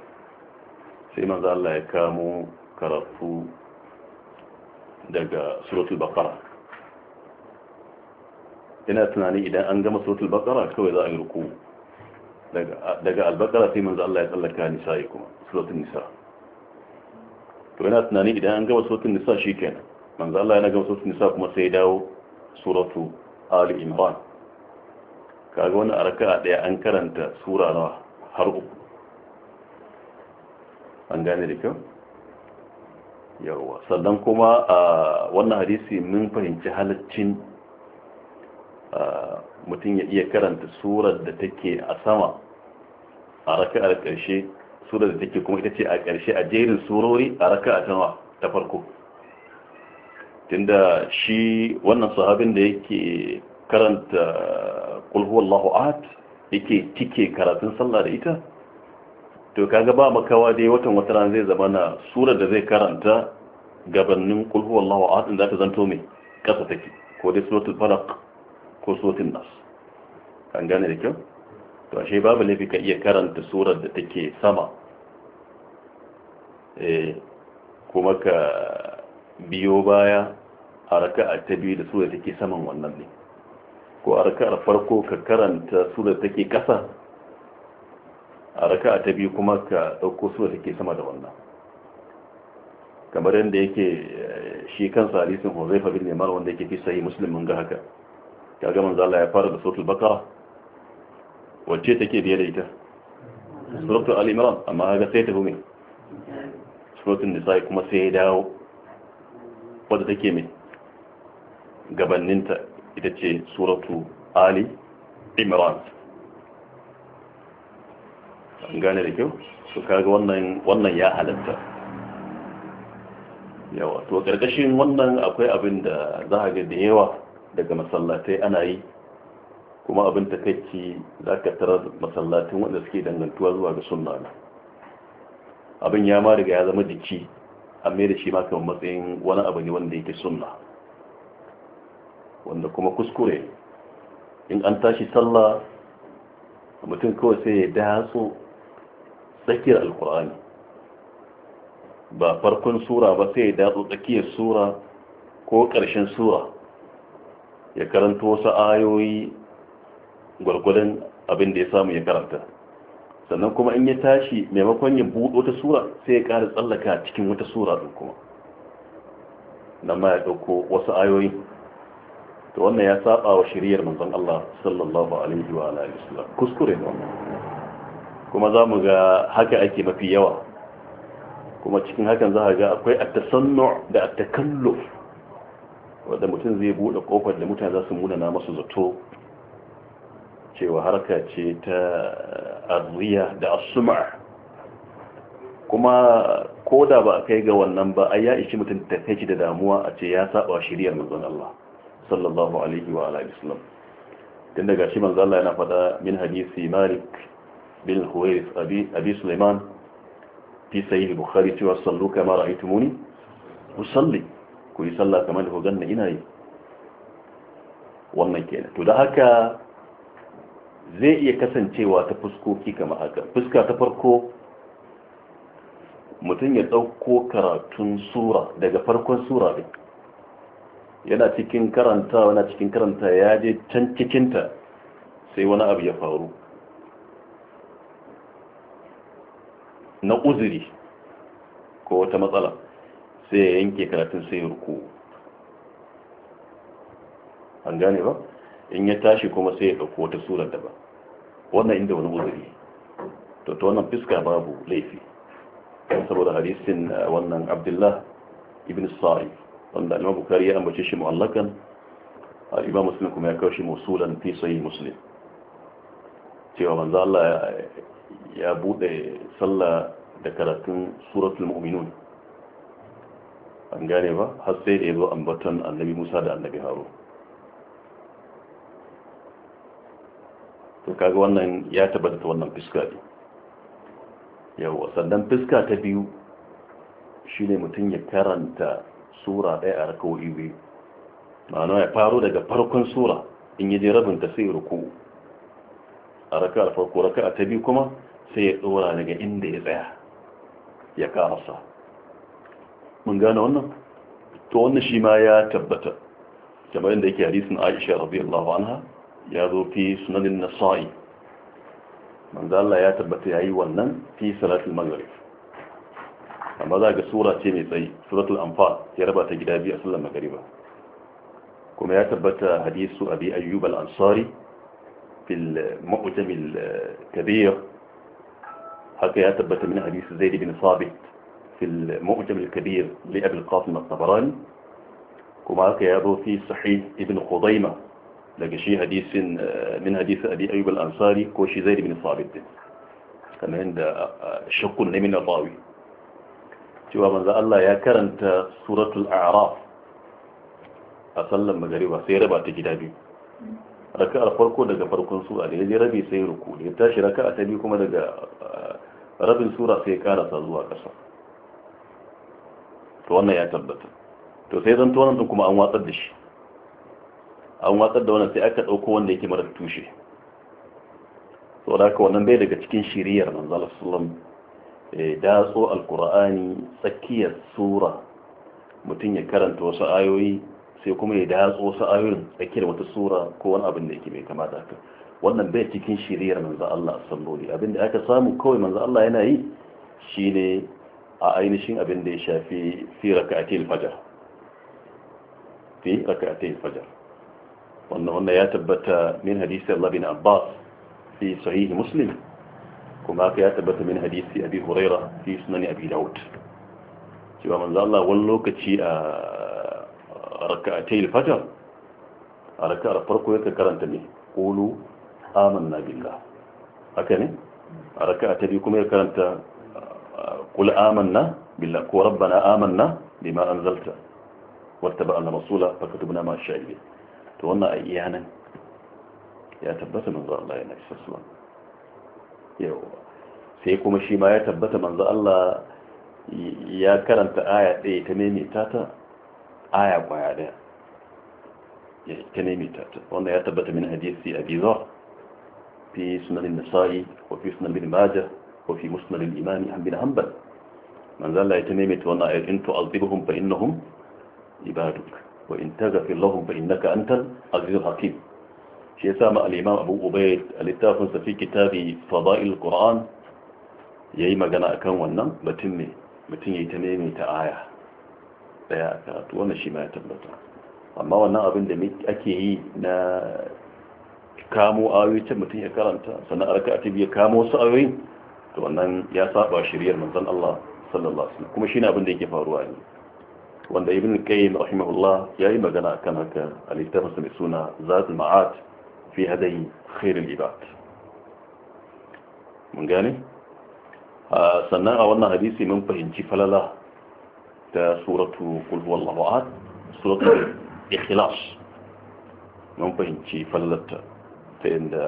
sai manzan Allah ya kamo karatu daga suratul bakara ina tunani idan an gama suratul bakara kawai za a yi ruku daga albakara sai manzan Allah ya tsallaka nisa yi kuma suratul nisa to ina tunani idan an gama suratul nisa shi kenan manzan Allah yana gama suratul nisa kuma sai dawo suratu ali imran kaga wani a raka daya an karanta sura nawa har uku an gane da kyau yawa sannan kuma a wannan hadisi mun fahimci halaccin mutum ya iya karanta surar da take a sama a a ƙarshe surar da take kuma ita ce a ƙarshe a jerin surori a a ta ta farko tunda shi wannan sahabin da yake karanta kul huwallahu ahad yake tike karatun sallah da ita to kaga ba makawa dai watan wata ran zai zama na surar da zai karanta gabanin kul huwallahu ahad din zata zanto mai kasa take ko dai suratul falaq ko suratul nas kan gane da kyau to ashe babu laifi ka iya karanta surar da take sama eh kuma ka biyo baya a raka'a ta biyu da surar da take saman wannan ne ko a raka'ar farko ka karanta surar take kasa a raka'a ta biyu kuma ka ɗauko surar take sama da wannan kamar yadda yake eh, shi kansa hadisin huzaifa ne mara wanda yake fi sahi musulmin ga haka ga manzo Allah ya fara da suratul baqara wacce take biye da ita suratul ali imran amma ga sai ta hume suratul nisa kuma sai ya dawo wanda take mai gabanninta. ita ce suratu ali imran an gane da kyau su kaga wannan ya halatta yawa to karkashin wannan akwai abin da za a ga da yawa daga masallatai ana yi kuma abin takaici za ka tara masallatin wanda suke dangantuwa zuwa ga sunna abin ya ma riga ya zama jiki amma da shi ma kamar matsayin wani abu ne wanda yake sunna wanda kuma kuskure in an tashi sallah mutum kawai sai ya daso tsakiyar alkur'ani ba farkon sura ba sai ya daso tsakiyar sura ko ƙarshen sura ya karanta wasu ayoyi gwargwadon abin da ya samu ya karanta sannan kuma in ya tashi maimakon ya buɗo ta sura sai ya ƙara tsallaka cikin wata sura ɗin kuma nan ma ya ɗauko wasu ayoyin to wannan ya saba wa shiriyar manzon Allah sallallahu alaihi wa alihi wasallam kuskure ne wannan kuma zamu ga haka ake mafi yawa kuma cikin hakan za ga akwai at-tasannu da at-takalluf wanda mutum zai bude kofar da mutane za su na masa zato cewa harka ce ta azriya da as kuma koda ba a kai ga wannan ba ai ya ishi mutum ta kai da damuwa a ce ya saba shiriyar manzon Allah sallallahu alaihi wa alaihi wasallam din daga shi manzo Allah yana fada min hadisi Malik bin Huwais abi abi Sulaiman fi sahih bukhari ti wa sallu kama ra'aytumuni usalli ku yi sallah kamar da ku ganna ina yi wannan kenan to da haka zai iya kasancewa ta fuskoki kama haka fuska ta farko mutum ya ɗauko karatun sura daga farkon sura din yana cikin karanta wana cikin karanta ya je can cikinta sai wani abu ya faru na uzuri ko wata matsala sai ya yanke karatun sai ya ruku an gane ba in ya tashi kuma sai ya ɗauko wata surar da ba wannan inda wani uzuri to ta wannan fiska babu laifi saboda hadisin eh, wannan abdullah ibn sa'id wanda imam bukari ya ambace shi mu'allakan imam muslim kuma ya kawo shi musulan fi sahih muslim cewa manzo Allah ya bude sallah da karatun suratul mu'minun an gane ba har sai da yazo ambaton annabi Musa da annabi Harun to kaga wannan ya tabbata wannan fiska ne yawa sannan fiska ta biyu shine mutum ya karanta sura ɗaya a wuri-wuri, biyu ma'ana ya faru daga farkon sura in yi rabin ta sai ruku a raka a farko raka a ta biyu kuma sai ya ɗora daga inda ya tsaya ya karasa mun gane wannan to wannan shi ma ya tabbata kamar inda yake hadisin aisha radiyallahu anha ya zo fi sunanin nasa'i manzo Allah ya tabbata ya yi wannan fi salatul maghrib amma za ga sura ce mai tsayi suratul anfal ya raba ta gida biyu a sallar magariba kuma ya tabbata hadisu abi ayyub al-ansari fil mu'jam al-kabir haka ya tabbata min hadisu zaid bin sabit fil mu'jam al-kabir li abi al-qasim al tabarani kuma haka ya zo fi sahih ibn qudayma daga shi hadisin min hadisi abi ayyub al-ansari ko shi zaid bin sabit kamar inda shakkun ne min al-rawi cewa manzo Allah ya karanta suratul a'raf a sallan magariba sai raba ta gida biyu raka'ar farko daga farkon sura da yaje rabi sai ruku da ya tashi raka'a ta biyu kuma daga ah, rabin sura sai ya karasa zuwa ƙasa to wannan ya tabbata to sai zan wannan kuma an watsar da shi an watsar da wannan sai aka ɗauko wanda yake mara tushe saboda haka wannan bai daga cikin shiriyar manzo Allah sallallahu alaihi wasallam datso alkur'ani tsakiyar sura mutum ya karanta wasu ayoyi sai kuma ya datso wasu ayoyin tsakiyar wata sura ko wani abin da yake mai kama da haka wannan bai cikin shiriyar manzo Allah salloli abin da aka samu kawai manzo Allah yana yi shine a ainihin abin da ya shafi fi raka'atil fajr fi wannan wannan ya tabbata min hadisi Allah bin Abbas fi sahih Muslim kuma haka ya tabbata min hadisi abi huraira fi sunan abi daud cewa manzo Allah wani lokaci a rak'atay al-fajr a rak'ar farko yake karanta ne qulu amanna billah haka ne a rak'a ta biyu kuma ya karanta qul amanna billah ko rabbana amanna bima anzalta wattaba'na rasula fakatubna ma shahidin to wannan ayyanan ya tabbata manzo Allah ya nabi sallallahu alaihi sai kuma shi ma ya tabbata manzo Allah ya karanta aya ɗaya ta maimaita ta aya kwaya ɗaya ta maimaita ta wanda ya tabbata min hadisi abi zar fi sunan an-nasa'i wa fi sunan ibn majah wa fi musnad al-imam ibn hanbal manzo Allah ya ta maimaita wannan ayat in tu'azibuhum fa innahum ibaduk wa in taghfir lahum fa innaka antal azizul hakim shi ya sami al'imam abu ubaid a littafin safi kitabi fada'il ƙoran ya yi magana a kan wannan batun ne mutum ya yi ta nemi ta aya ɗaya a karatu wannan shi ma ya tabbata amma wannan abin da ake yi na kamo ayoyi can mutum ya karanta sannan arka a ya kamo su ayoyi to wannan ya saba shiriyar manzon Allah sallallahu alaihi Kuma shi ne abin da yake faruwa ne wanda ibn qayyim rahimahullah yayi magana kan haka a littafin sa mai suna zatul ma'at fi hadayi khairul ibad mun gane ah, sannan a wannan hadisi mun fahimci falala ta suratu qul huwallahu ahad suratu ikhlas mun fahimci falalta ta inda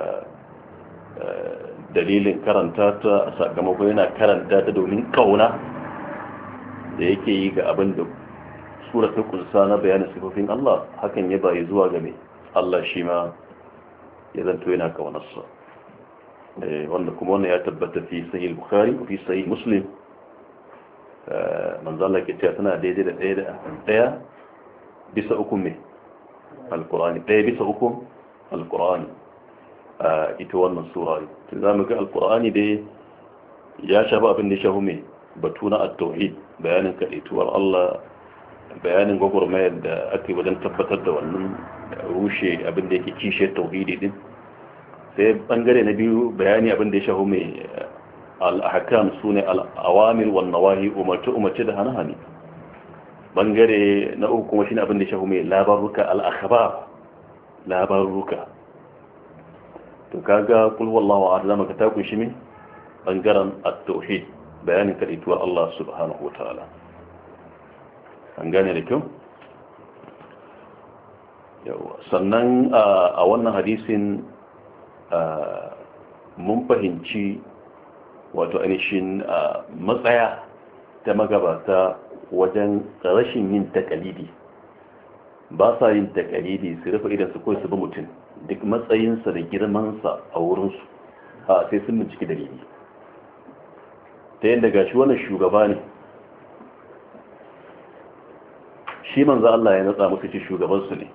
eh, dalilin karanta ta sakamakon yana karanta ta domin kauna da yake yi ga abinda da sura sana na bayanin sifofin Allah hakan ya bayi zuwa game Allah shi ma ya zanto yana kaunarsa eh, wanda kuma wannan ya tabbata fi sahih bukhari fi sahih muslim eh, manzo Allah ke cewa tana daidai da daya da daya bisa uku me alqur'ani daya bisa uku alqur'ani eh, ita wannan sura to zamu ga alqur'ani dai ya shafa abin da shahu me batu na at-tauhid bayanin kadaituwar Allah bayanin gwagwarmayar da ake wajen tabbatar da wannan rushe abin da yake kishe tauhidi din sai bangare na biyu bayani abin da ya shahu mai eh, al'ahakam su ne al'awamir wannawahi umarci umarci da hana-hani bangare na uku kuma shi ne abin da ya shahu mai labaruka al'akabar labaruka to kaga kulwallawa a zama ka takunshi min bangaren at-tauhid bayanin kaɗaituwar Allah subhanahu wa ta'ala an gane da kyau sannan a wannan hadisin mun fahimci wato ainihin matsaya ta magabata wajen rashin yin takalidi ba sa yin takalidi su rufe idan su kawai su ba mutum duk matsayinsa da girmansa a wurinsu sai sun binciki dalili ta yadda shi wannan shugaba ne shi manzo Allah ya natsa maka ce shugaban su ne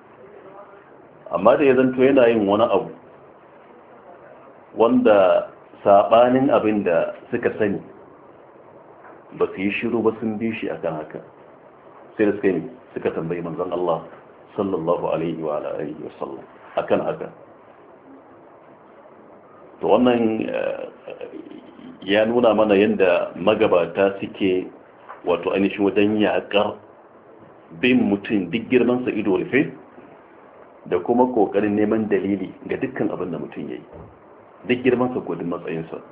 amma da ya zanto yana yin wani abu wanda sabanin abin da suka sani ba su yi shiru ba sun bi shi akan haka sai da suka yi suka tambayi manzan Allah sallallahu alaihi wa sallam. a akan haka to wannan eh, ya nuna mana yadda magabata suke wato ainihin wajen yaƙar bin mutum duk girman sa ido rufe da kuma kokarin neman dalili ga dukkan abin da mutum yayi Duk duk sa ko duk matsayinsa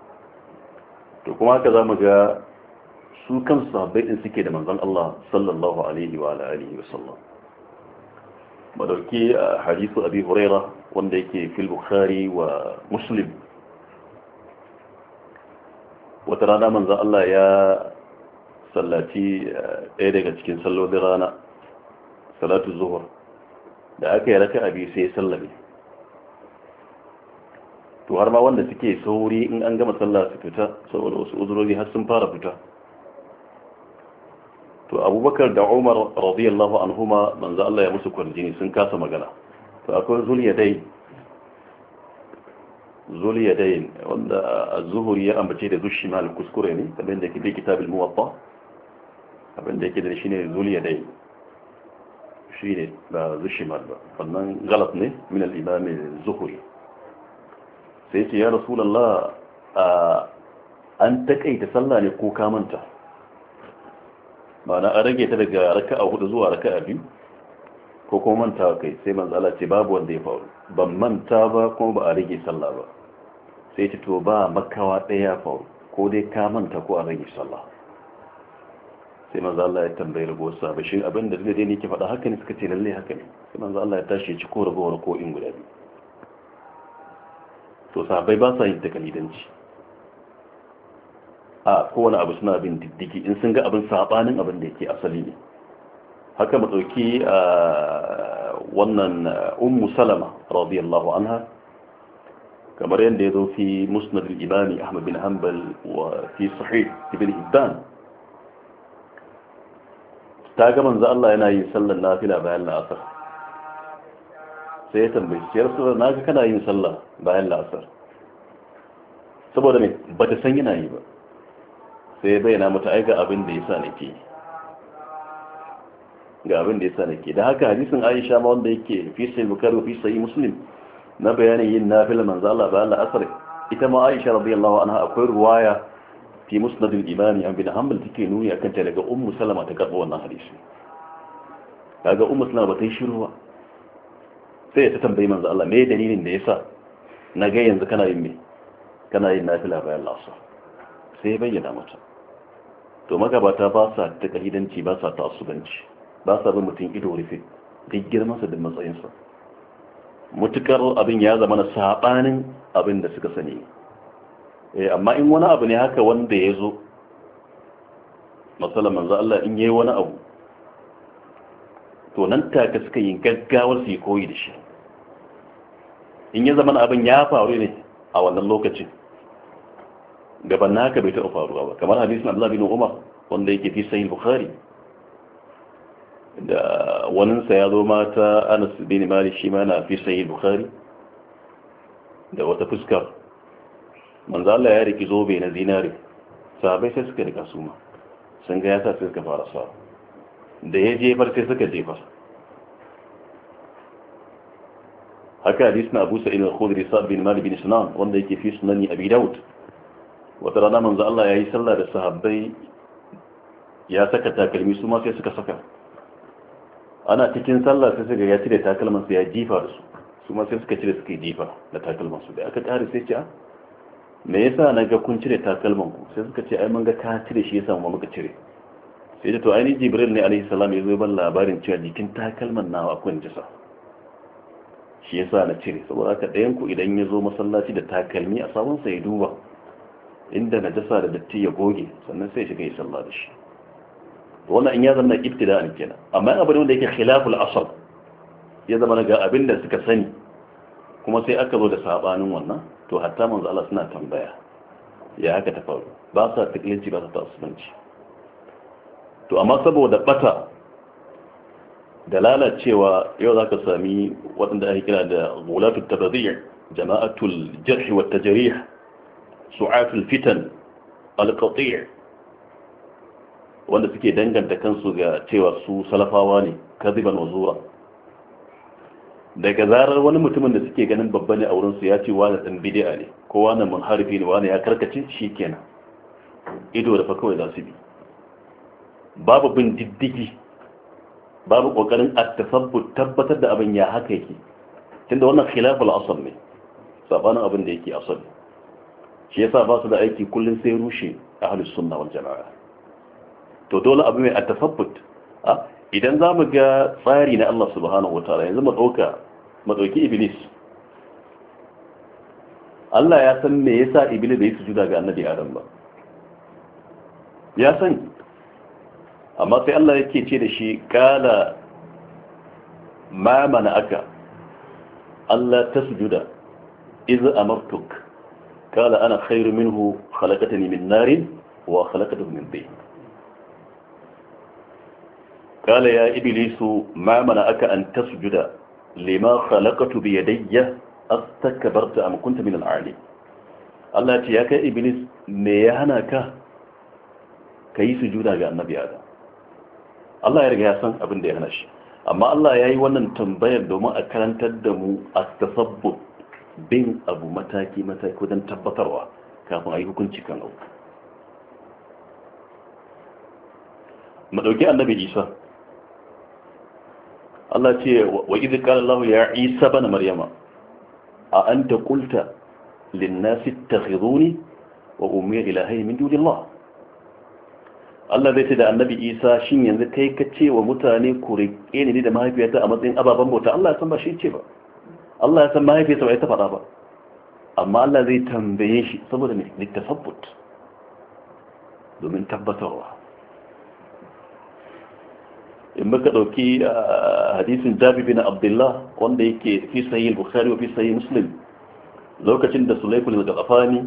to kuma haka zamu ga su kan sahabbai din suke da manzon Allah sallallahu alaihi wa alihi wa sallam madauki ah, hadisu abi huraira wanda yake fil bukhari wa muslim wata rana manzon Allah ya sallaci ah, ɗaya daga cikin sallolin rana salatu zuhur da aka yi raka abi sai sallame to har ma wanda suke sauri in an gama sallah su fita saboda wasu uzurori har sun fara fita to abubakar da umar radiyallahu anhuma manzo Allah ya musu kwarjini sun kasa magana to akwai zuliya dai zuliya dai wanda az-zuhri ya ambace da zushi mal kuskure ne kamar da ke da kitabul muwatta abin da yake da shine zuliya dai ne, ba zushimar ba wannan galat ne min al-imam zuhri sai ce ya rasulullah an takaita sallah ne ko ka manta ma'ana an rage ta daga raka'a hudu zuwa raka'a biyu ko kuma manta kai sai manzo Allah ce babu wanda ya faru ban manta ba kuma ba a rage sallah ba sai ce to ba makawa daya faru ko dai ka manta ko a rage sallah sai manzo Allah ya tambaye rago ba shi abin da zai ne ke faɗa haka ne suka ce lalle haka ne sai manzo Allah ya tashi ya ci ko rabo ko in guda biyu to sahabbai ba sa yin takalidanci a kowane abu suna bin diddiki in sun ga abin sabanin abin da yake asali ne haka mu dauki wannan ummu salama radiyallahu anha kamar yadda ya zo fi musnad al-imami ahmad bin hanbal wa fi sahih ibn hibban ta ga manzo Allah yana yin sallar nafila bayan la'asar sai ya tambaye shi rasu na ga kana yin sallah bayan la'asar saboda ne ba ta san yana yi ba sai ya bayyana mata ai ga abin da yasa nake ga abin da yasa nake da haka hadisin Aisha ma wanda yake fi sai Bukhari fi sai Muslim na bayanin yin nafila manzo Allah bayan la'asar ita ma Aisha radiyallahu anha akwai ruwaya fi musnadin imani an bin hanbal take nuni akan ta daga ummu salama ta karɓo wannan hadisi kaga ummu salama ba ta yi shiruwa. sai ta tambayi manzo Allah me dalilin da yasa na ga yanzu kana yin me kana yin nafila bayan lasa sai ya bayyana mata to magabata ba sa takalidanci ba sa ta'assubanci ba sa bin mutum ido rufe duk girmansa da matsayinsa mutukar abin ya zama na sabanin abin da suka sani Eh amma in wani abu ne haka wanda ya zo matsala manzo Allah in yayi wani abu to nan take suka yi gaggawar su yi koyi da shi in ya zama abin ya faru ne a wannan lokacin gaban naka bai taɓa faruwa ba kamar hadisin Abdullah bin Umar wanda yake fi sahih Bukhari da waninsa ya zo mata Anas bin Malik shi ma na fi sahih Bukhari da wata fuskar manzo Allah ya riki zobe na dinari sabai sai suka rika suma sun ga yasa sai suka fara sa da ya jefar sai suka fa haka hadisi na Abu Sa'id al-Khudri Sa'd bin Malik bin Sunan wanda yake fi sunani Abi Dawud wata rana manzo Allah ya yi sallah da sahabbai ya saka takalmi su ma sai suka saka ana cikin sallah sai suka ya cire takalman su ya jifa da su su ma sai suka cire suka jifa da takalman su da aka kare sai ce a ah, me yasa na ga kun cire takalman ku sai suka ce ai mun ga ka cire shi yasa mu muka cire sai da to ai jibril ne alaihi salam ya zo ban labarin cewa jikin takalman nawa akwai najasa shi yasa na cire saboda haka ɗayan ku idan ya zo masallaci da takalmi a sabon sa ya duba inda najasa da datti ya goge sannan sai shiga ya sallah da shi wannan in ya zanna ibtida'an kenan amma abin da yake khilaful asal ya zama ga abin da suka sani kuma sai aka zo da sabanin wannan to hatta manzo Allah suna tambaya ya haka ta faru ba sa taklici ba sa tasubanci to amma saboda bata da lalacewa yau zaka sami waɗanda ake kira da gulatul tabadhi jama'atul jarh wa tajrih su'atul fitan alqati' wanda suke danganta kansu ga cewa su salafawa ne kadiban wa zura daga zarar wani mutumin da suke ganin babba ne a wurinsu ya ce wani ɗan bidi'a ne ko wani munharifi ne wani ya karkace shi kenan ido da fa kawai za su bi babu bin diddigi babu kokarin a tasabbut tabbatar da abin ya haka yake tunda wannan khilaful asl ne sabanin abin da yake asali shi yasa ba su da aiki kullun sai rushe ahlus sunna wal jamaa to dole abu mai at-tasabbut idan za mu ga tsari na Allah subhanahu wa ta'ala yanzu mu ɗauka madauki iblis Allah ya san me yasa iblis bai sujuda ga annabi adam ba ya san amma sai Allah yake ce da shi kala ma mana aka Allah ta sujuda iz amartuk kala ana khairu minhu khalaqatani min narin wa khalaqatahu min tin kala ya iblisu ma mana aka an ta tasjuda lima khalaqatu bi yadayya astakbartu am kunta min al-ali Allah ya ce ya kai iblis me ya hana ka kai sujuda ga annabi Adam Allah ya riga ya san abin da ya hana shi amma Allah ya yi wannan tambayar domin a karantar da mu a bin abu mataki mataki don tabbatarwa kafin a yi hukunci kan abu madauki annabi isa Allah ce wa idh qala Allah ya Isa ibn Maryama a anta qulta lin-nas ittakhiduni wa ummi ilahi min dunillah Allah zai ce da Annabi Isa shin yanzu kai ka ce wa mutane ku rike ni da mahaifiyata a matsayin ababan bauta Allah ya san ba shi ce ba Allah ya san mahaifiyata ba ita faɗa ba amma Allah zai tambaye shi saboda mai littafabbut domin tabbatarwa in muka dauki ah, hadisin Jabir bin Abdullah wanda yake fi sahih Bukhari wa fi sahih Muslim lokacin da Sulaykul bin ghafani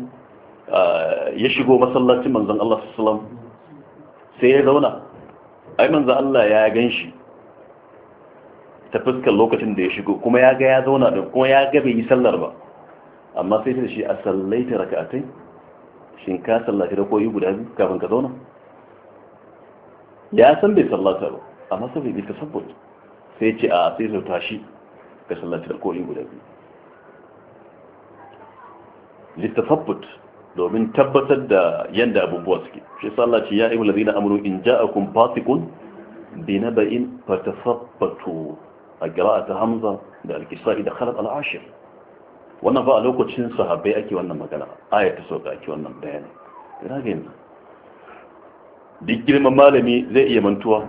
ah, ya shigo masallacin manzon Allah sallallahu sai ya zauna ai manzon Allah ya ganshi ta fuskar lokacin da ya shigo kuma ya ga ya zauna din kuma ya ga bai yi sallar ba amma sai ta shi a sallaita raka'atai shin ka sallaci da koyi guda biyu kafin ka zauna ya san bai sallata ba amma sai bai ta sai ce a sai zo tashi ga sallatar koli guda biyu littafabbut domin tabbatar da yanda abubuwa suke shi sallaci ya ayyuhal ladina amuru in ja'akum fasikun bi naba'in sabbatu a ta hamza da al da khalaf Al'ashir. wannan ba a lokacin sahabbai ake wannan magana ayata ta sauka ake wannan bayani ina ga duk girman malami zai iya mantuwa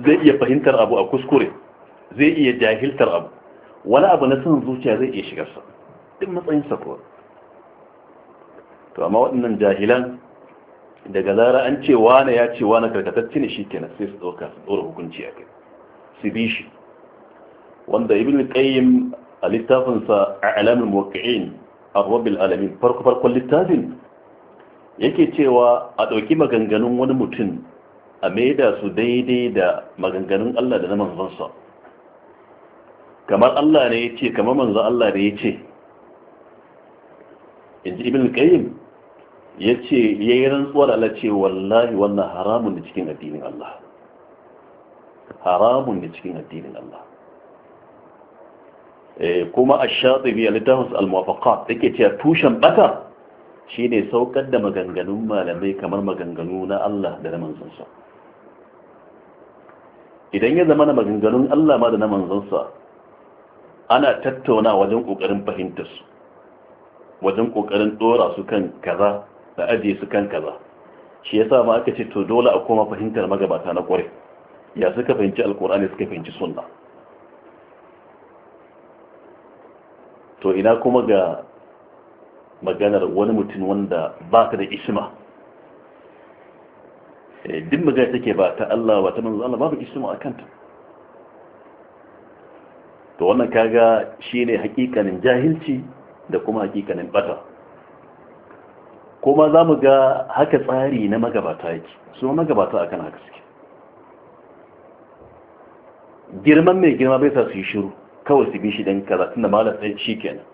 zai iya fahimtar abu a kuskure zai iya jahiltar abu wani abu na san zuciya zai iya shigarsa duk matsayinsa kuwa to amma waɗannan jahilan daga zara an ce wane ya ce wane karkatacci ne shi kenan sai su ɗauka su ɗora hukunci a kai su bi shi wanda ibn qayyim a littafinsa a alamin muwaqqi'in a rabbil alamin farko farkon littafin yake cewa a ɗauki maganganun wani mutum a maida su daidai da maganganun Allah da na manzansa kamar Allah ne ya ce kamar manzan Allah ne ya ce Inji ji ibn qayyim ya ce ya yi rantsuwar Allah ce wallahi wannan haramun da cikin addinin Allah haramun da cikin addinin Allah eh, kuma a shaɗibi a littafinsu al-mawafaka da ke cewa tushen ɓata shi ne saukar da maganganun malamai kamar maganganu na Allah da na manzansa idan ya zama na maganganun Allah ma da na manzansa ana tattauna wajen kokarin fahimtar su wajen kokarin dora su kan kaza da aje su kan kaza shi yasa ma aka ce to dole a koma fahimtar magabata na ƙwarai ya suka fahimci alkur'ani suka fahimci sunna to ina kuma ga maganar wani mutum wanda baka da isma Eh, din magana take ba ta Allah ba ta manzo Allah babu isma a kanta to wannan kaga shine hakikanin jahilci da kuma hakikanin bata kuma za mu ga haka tsari na magabata yake su magabata akan haka suke girman mai girma bai sa su yi shiru kawai su bi shi dan kaza tunda malam sai shi kenan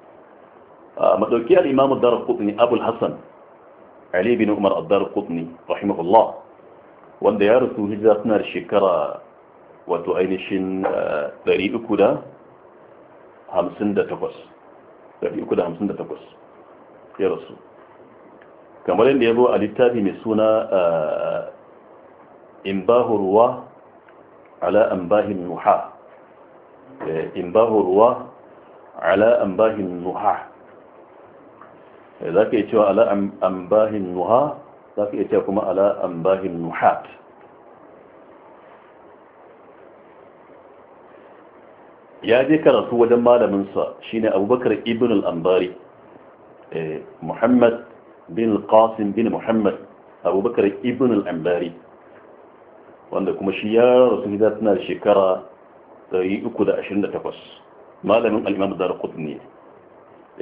madauki al-imamu dar qutni abul hasan ali bin umar ad-dar rahimahullah wanda ya rasu hijira suna da shekara wato ainihin 358 eh, ya rasu kamar yadda ya zo a littafi mai suna eh, in bahu ruwa ala an bahin nuha eh, in bahu ruwa ala an bahin nuha za ka yi cewa ala an bahin nuha za ya iya cewa kuma ala an bahin nuhat ya je karatu wajen malaminsa shi ne abubakar ibn al'ambari eh, muhammad bin qasim bin muhammad abubakar ibn al'ambari wanda kuma shi ya rasu gida tana da shekara 328 malamin al'imam zara kudu ne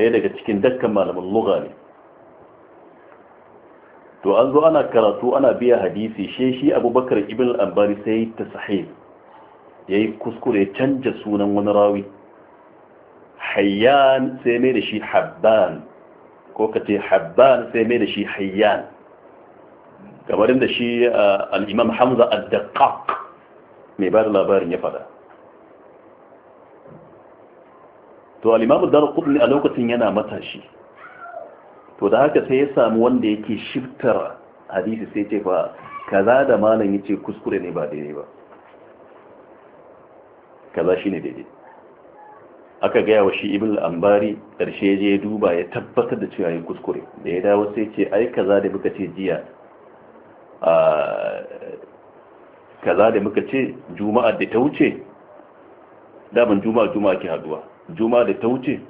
ɗaya daga cikin dakkan malamin lugha ne to an zo ana karatu ana biya hadisi she shi abubakar ibn al-ambari sai ta sahih ya yi kuskure canja sunan wani rawi hayyan sai mai da shi habban ko ka ce habban sai mai da shi hayyan kamar da shi al-imam hamza al daqaq mai ba da labarin ya fada to al'imam dar kudin a lokacin yana matashi to da haka sai ya samu wanda yake shiftar hadisi sai ce fa kaza da malam yace kuskure ne ba daidai ba kaza shine daidai aka gaya wa shi ibn al-ambari karshe je duba ya tabbatar da cewa yin kuskure da ya dawo sai ce ai kaza da muka ce jiya a kaza da muka ce juma'a da ta wuce daman juma'a juma'a ke haduwa juma'a da ta wuce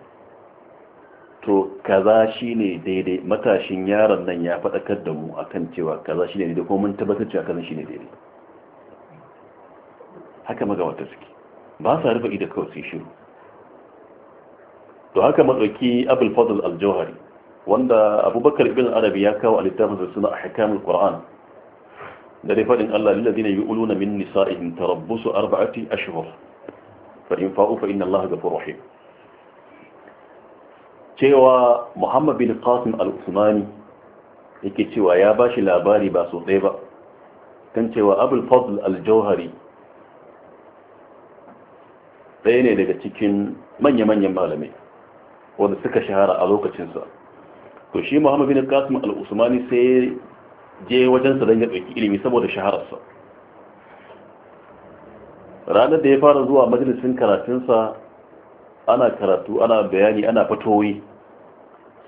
to kaza shine daidai matashin yaron nan ya faɗakar da mu akan cewa kaza shine daidai ko mun tabbatar cewa kaza shine daidai haka magawata suke ba sa rufe ido kawai sai shiru to haka matsauki abul fadl al-jawhari wanda abubakar ibn arabi ya kawo a littafin suna a hakamul qur'an da dai fadin Allah lillazina yu'luna min nisa'ihim tarabbusu arba'ati ashhur fa in fa'u fa inna Allah ghafurur rahim cewa muhammad bin qasim al-usmani yake cewa ya ba shi labari ba so ɗaya ba kan cewa abul fadl al-jauhari ɗaya ne daga cikin manya-manyan malamai wanda suka shahara a lokacinsa to shi muhammad bin qasim al-usmani sai je wajensa don ya ɗauki ilimi saboda shahararsa ranar da ya fara zuwa majalisin karatunsa ana karatu ana bayani ana fatoyi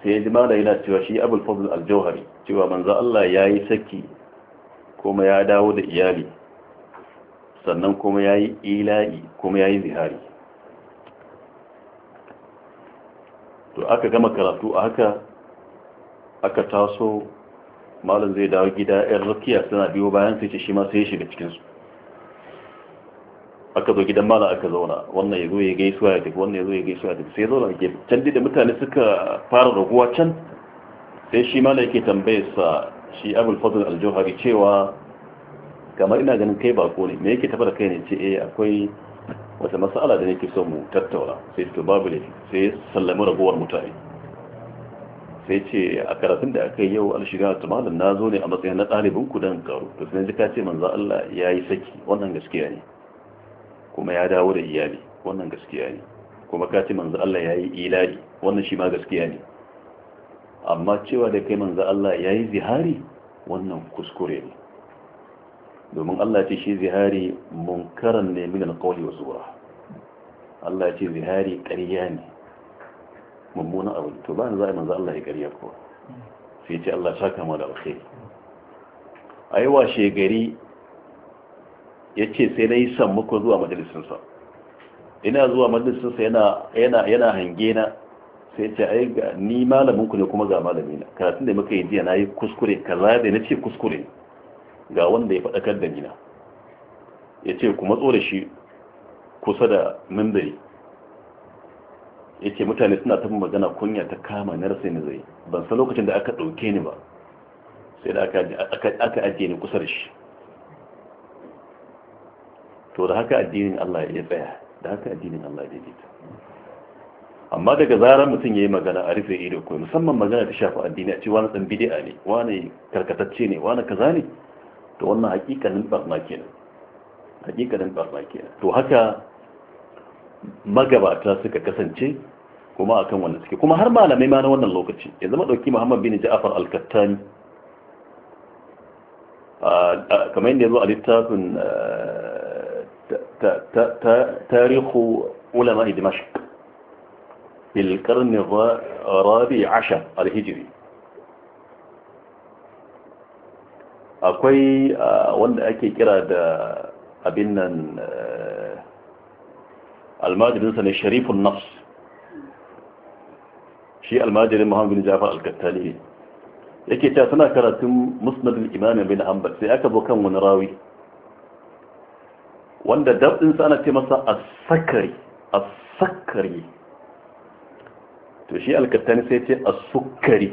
sai ya ji da yana cewa shi abul fadl al jawhari cewa manzo Allah yayi saki kuma ya dawo da iyali sannan kuma yayi ila'i kuma yayi zihari to aka gama karatu a haka aka taso malam zai dawo gida yan rukiya suna biyo bayan sai shi ma sai ya shiga cikinsu. aka zo gidan mala aka zauna wannan ya zo ya gaisuwa ya tafi wannan ya zo ya gaisuwa ya tafi sai ya zauna ke can da mutane suka fara raguwa can sai shi mala yake tambaye sa shi abul fadl al-juhari cewa kamar ina ganin kai bako ne me yake tafi da kai ne ce eh akwai wata mas'ala da nake so mu tattauna sai to babu ne sai sallami raguwar mutane sai ce a karatun da aka yi yau alshiga ta malam na zo ne a matsayin na ɗalibin ku don karu to sai ji ka ce manzo Allah ya yi saki wannan gaskiya ne kuma ya dawo da iyali wannan gaskiya ne kuma ka ce manzo Allah ya yi ilali wannan shi ma gaskiya ne amma cewa da kai manzo Allah ya yi zihari wannan kuskure ne domin Allah ce shi zihari munkaran ne min alƙawli wa zura Allah ce zihari ƙarya ne Mummuna abu to ba za a manzo Allah ya ƙarya ko sai ce Allah saka mu da alkhairi ayi washe gari ya ce sai na yi sammako zuwa majalisinsa ina zuwa majalisinsa yana hange na sai ce ai ni malaminku ne kuma ga malamina karatun da muka yi jiya na yi kuskure kaza da na ce kuskure ga wanda ya faɗakar da nina ya ce kuma tsore shi kusa da mindari ya ce mutane suna ta magana kunya ta kama na rasa ni zai ban san lokacin da aka ɗauke ni ba sai da aka ajiye ni kusa da shi to da haka addinin Allah ya tsaya da haka addinin Allah ya daidaita amma daga zarar mutum ya yi magana a rufe ido ko musamman magana ta shafi addini a ce wani dan bid'a ne wani karkatacce ne wani kaza ne to wannan hakikanin barna kenan hakikanin barna kenan to haka magabata suka kasance kuma akan wanda suke kuma har malamai ma na wannan lokaci ya zama ɗauki Muhammad bin ja'afar al-Kattani ah, ah, kamar yadda ya zo a littafin ah, تاريخ علماء دمشق في القرن الرابع عشر الهجري أكوي آه، وانا أكي كرا دا أبنا آه، المادر بن الشريف النفس شيء المادر محمد بن جعفر القتالي يكي تاتنا كرا تم مسند الإمام بن حنبل سيأكبو كم ونراوي wanda sa ana ce masa asakari asakari to shi alkattani sai ce asukari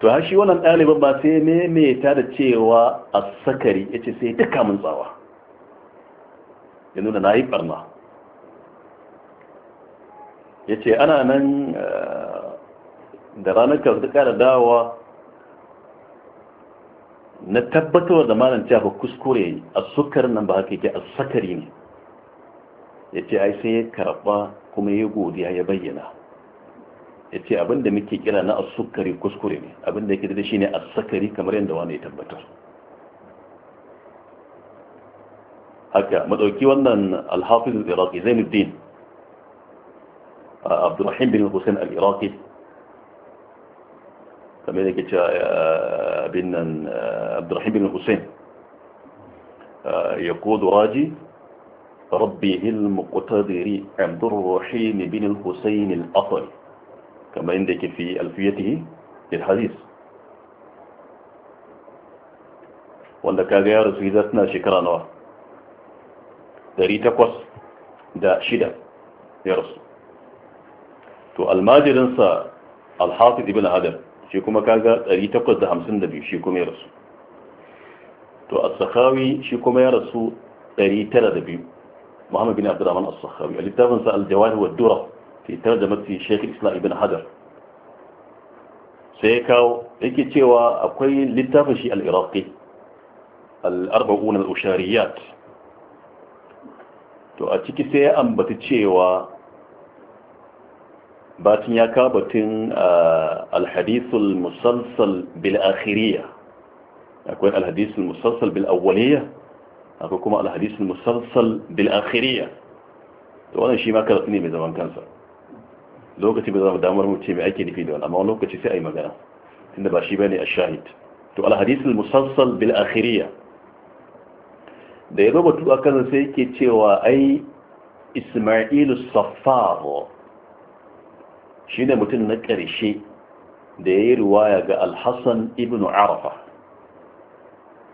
to har shi wannan ɗaliban ba sai maimaita da cewa asakari ya ce sai duka mun tsawa ya nuna na yi ɓarna ya ce ana nan eh, da ranar karduka da dawa na tabbatar da malam cewa kuskure a sukar nan ba haka yake a sakari ne ya ce ai sai ya karɓa kuma ya godiya ya bayyana ya ce abinda muke kira na a sukari kuskure ne abinda yake da shi ne sakari kamar yadda wani ya tabbatar haka madauki wannan alhafiz Iraki iraqi zainuddin abdurrahim bin hussein al Iraki. تمينه كتا بن عبد الرحيم بن الحسين يقود راجي ربي المقتدر عبد الرحيم بن الحسين الأطل كما عندك في ألفيته في الحديث وانا كاقا يا رسولي ذاتنا شكرانا داري تقوس دا شدة يا رسول تو الماجر انسى الحاطب ابن آدم shi kuma kaga 852 shi kuma ya rasu to as-sakhawi shi kuma ya rasu 902 muhammad bin abdurrahman as-sakhawi a littafin sa al-jawahir wa dura fi tarjamati shaykh islam ibn hajar sai ya kawo yake cewa akwai littafin shi al-iraqi al-arba'un al-ushariyat to a ciki sai ya ambata cewa batun ya ka batun ah, alhadisul musassal bil akhiriyya akwai alhadisul musassal bil awwaliyya akwai kuma alhadisul musassal bil akhiriyya to wannan shi ma karatu ne mai zaman kansa lokaci ba za mu damar mutum mai ake nufi da wani amma lokaci sai a yi magana tunda ba shi bane a shahid to alhadisul musassal bil akhiriyya da ya rubutu akan sai yake cewa ai Ismailu Saffar shi ne mutum na ƙarshe da ya yi ruwaya ga alhassan ibn arafa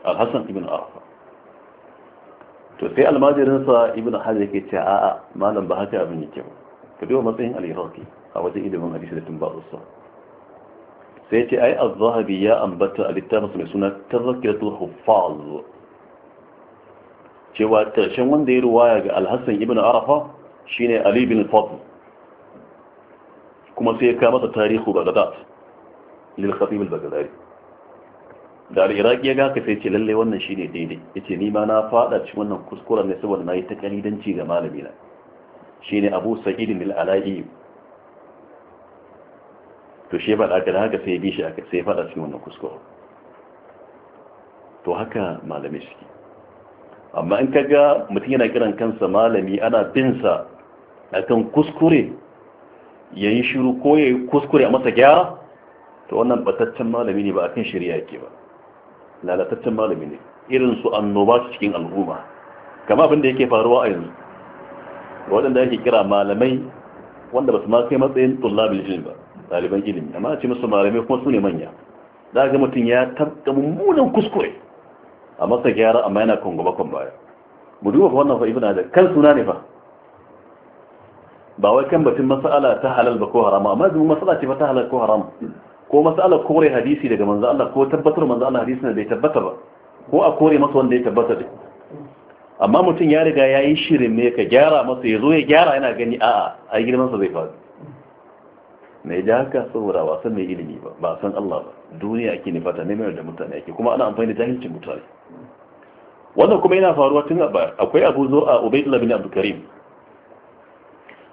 alhassan ibn arafa to sai almajirinsa ibn hajji ke ce a'a malam ba haka abin yake ba ka biyo matsayin al a wajen ilimin hadisi da tun ba usa sai ce ai az-zahabi ya ambata a littafinsa mai suna tazkiratul huffaz cewa karshen wanda ya ruwaya ga Alhassan ibn arafa shine ali ibn fadl kuma sai ya kawo masa tarihu bagdad lil khatib al bagdadi da al-iraqi ya ga ka sai ce lalle wannan shine daidai yace ni ma na fada cikin wannan kuskuren ne saboda nayi ta kalidanci ga malami na shine abu sa'id al ala'i to shi ba da haka sai bi shi aka sai fada cikin wannan kuskure to haka malami shi amma in kaga mutum yana kiran kansa malami ana bin sa akan kuskure ya yi shiru ko ya yi kuskure a masa gyara to wannan bataccen malami ne ba a kan shirya yake ba lalataccen malami ne irin su annoba su cikin al'umma kama abin yake faruwa a yanzu waɗanda yake kira malamai wanda ba su ma kai matsayin tullabin ilimi ba ɗaliban ilimi amma a ce musu malamai kuma su ne manya za ga mutum ya tabta mummunan kuskure a masa gyara amma yana kongoba kan baya mu duba wannan fa ibina da kan suna ne fa ba wai kan batun mas'ala ta halal ba ko harama amma zuwa mas'ala ce ba ta halal ko haram ko mas'ala kore hadisi daga manzo Allah ko tabbatar manzo Allah hadisin da bai tabbata ba ko a kore masa wanda ya tabbata din amma mutum ya riga ya yi shirin ne ka gyara masa ya zo ya gyara yana gani a'a ai girman sa zai faɗi Me da haka saboda ba san mai ilimi ba ba san Allah ba duniya ake nufata ne mai da mutane ake kuma ana amfani da jahilcin mutane wannan kuma yana faruwa tun akwai abu zo a ubaidullah bin abdulkarim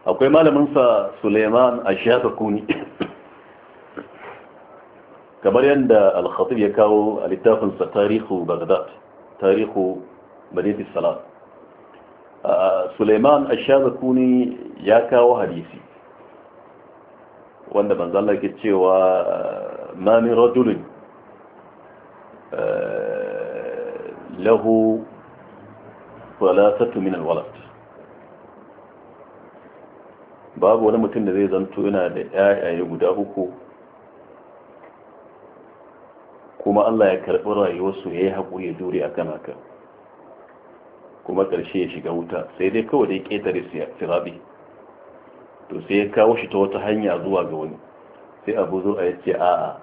akwai malaminsa suleiman a shafa kuni kamar yadda al ya kawo a littafinsa tarihu bagdad tarihu madinti salam suleiman shafa Kuni ya kawo hadisi wanda manzo Allah ke cewa ma min rajulin eh, lahu thalathatu min al-walad babu wani mutum da zai zanto yana da yayaye guda uku kuma Allah ya karɓi rayuwarsu ya yi haƙuri ya jure akan haka kuma ƙarshe ya shiga wuta sai dai kawai da ya ƙetare sirabi to sai ya kawo shi ta wata hanya zuwa ga wani sai abu zo a ya ce a'a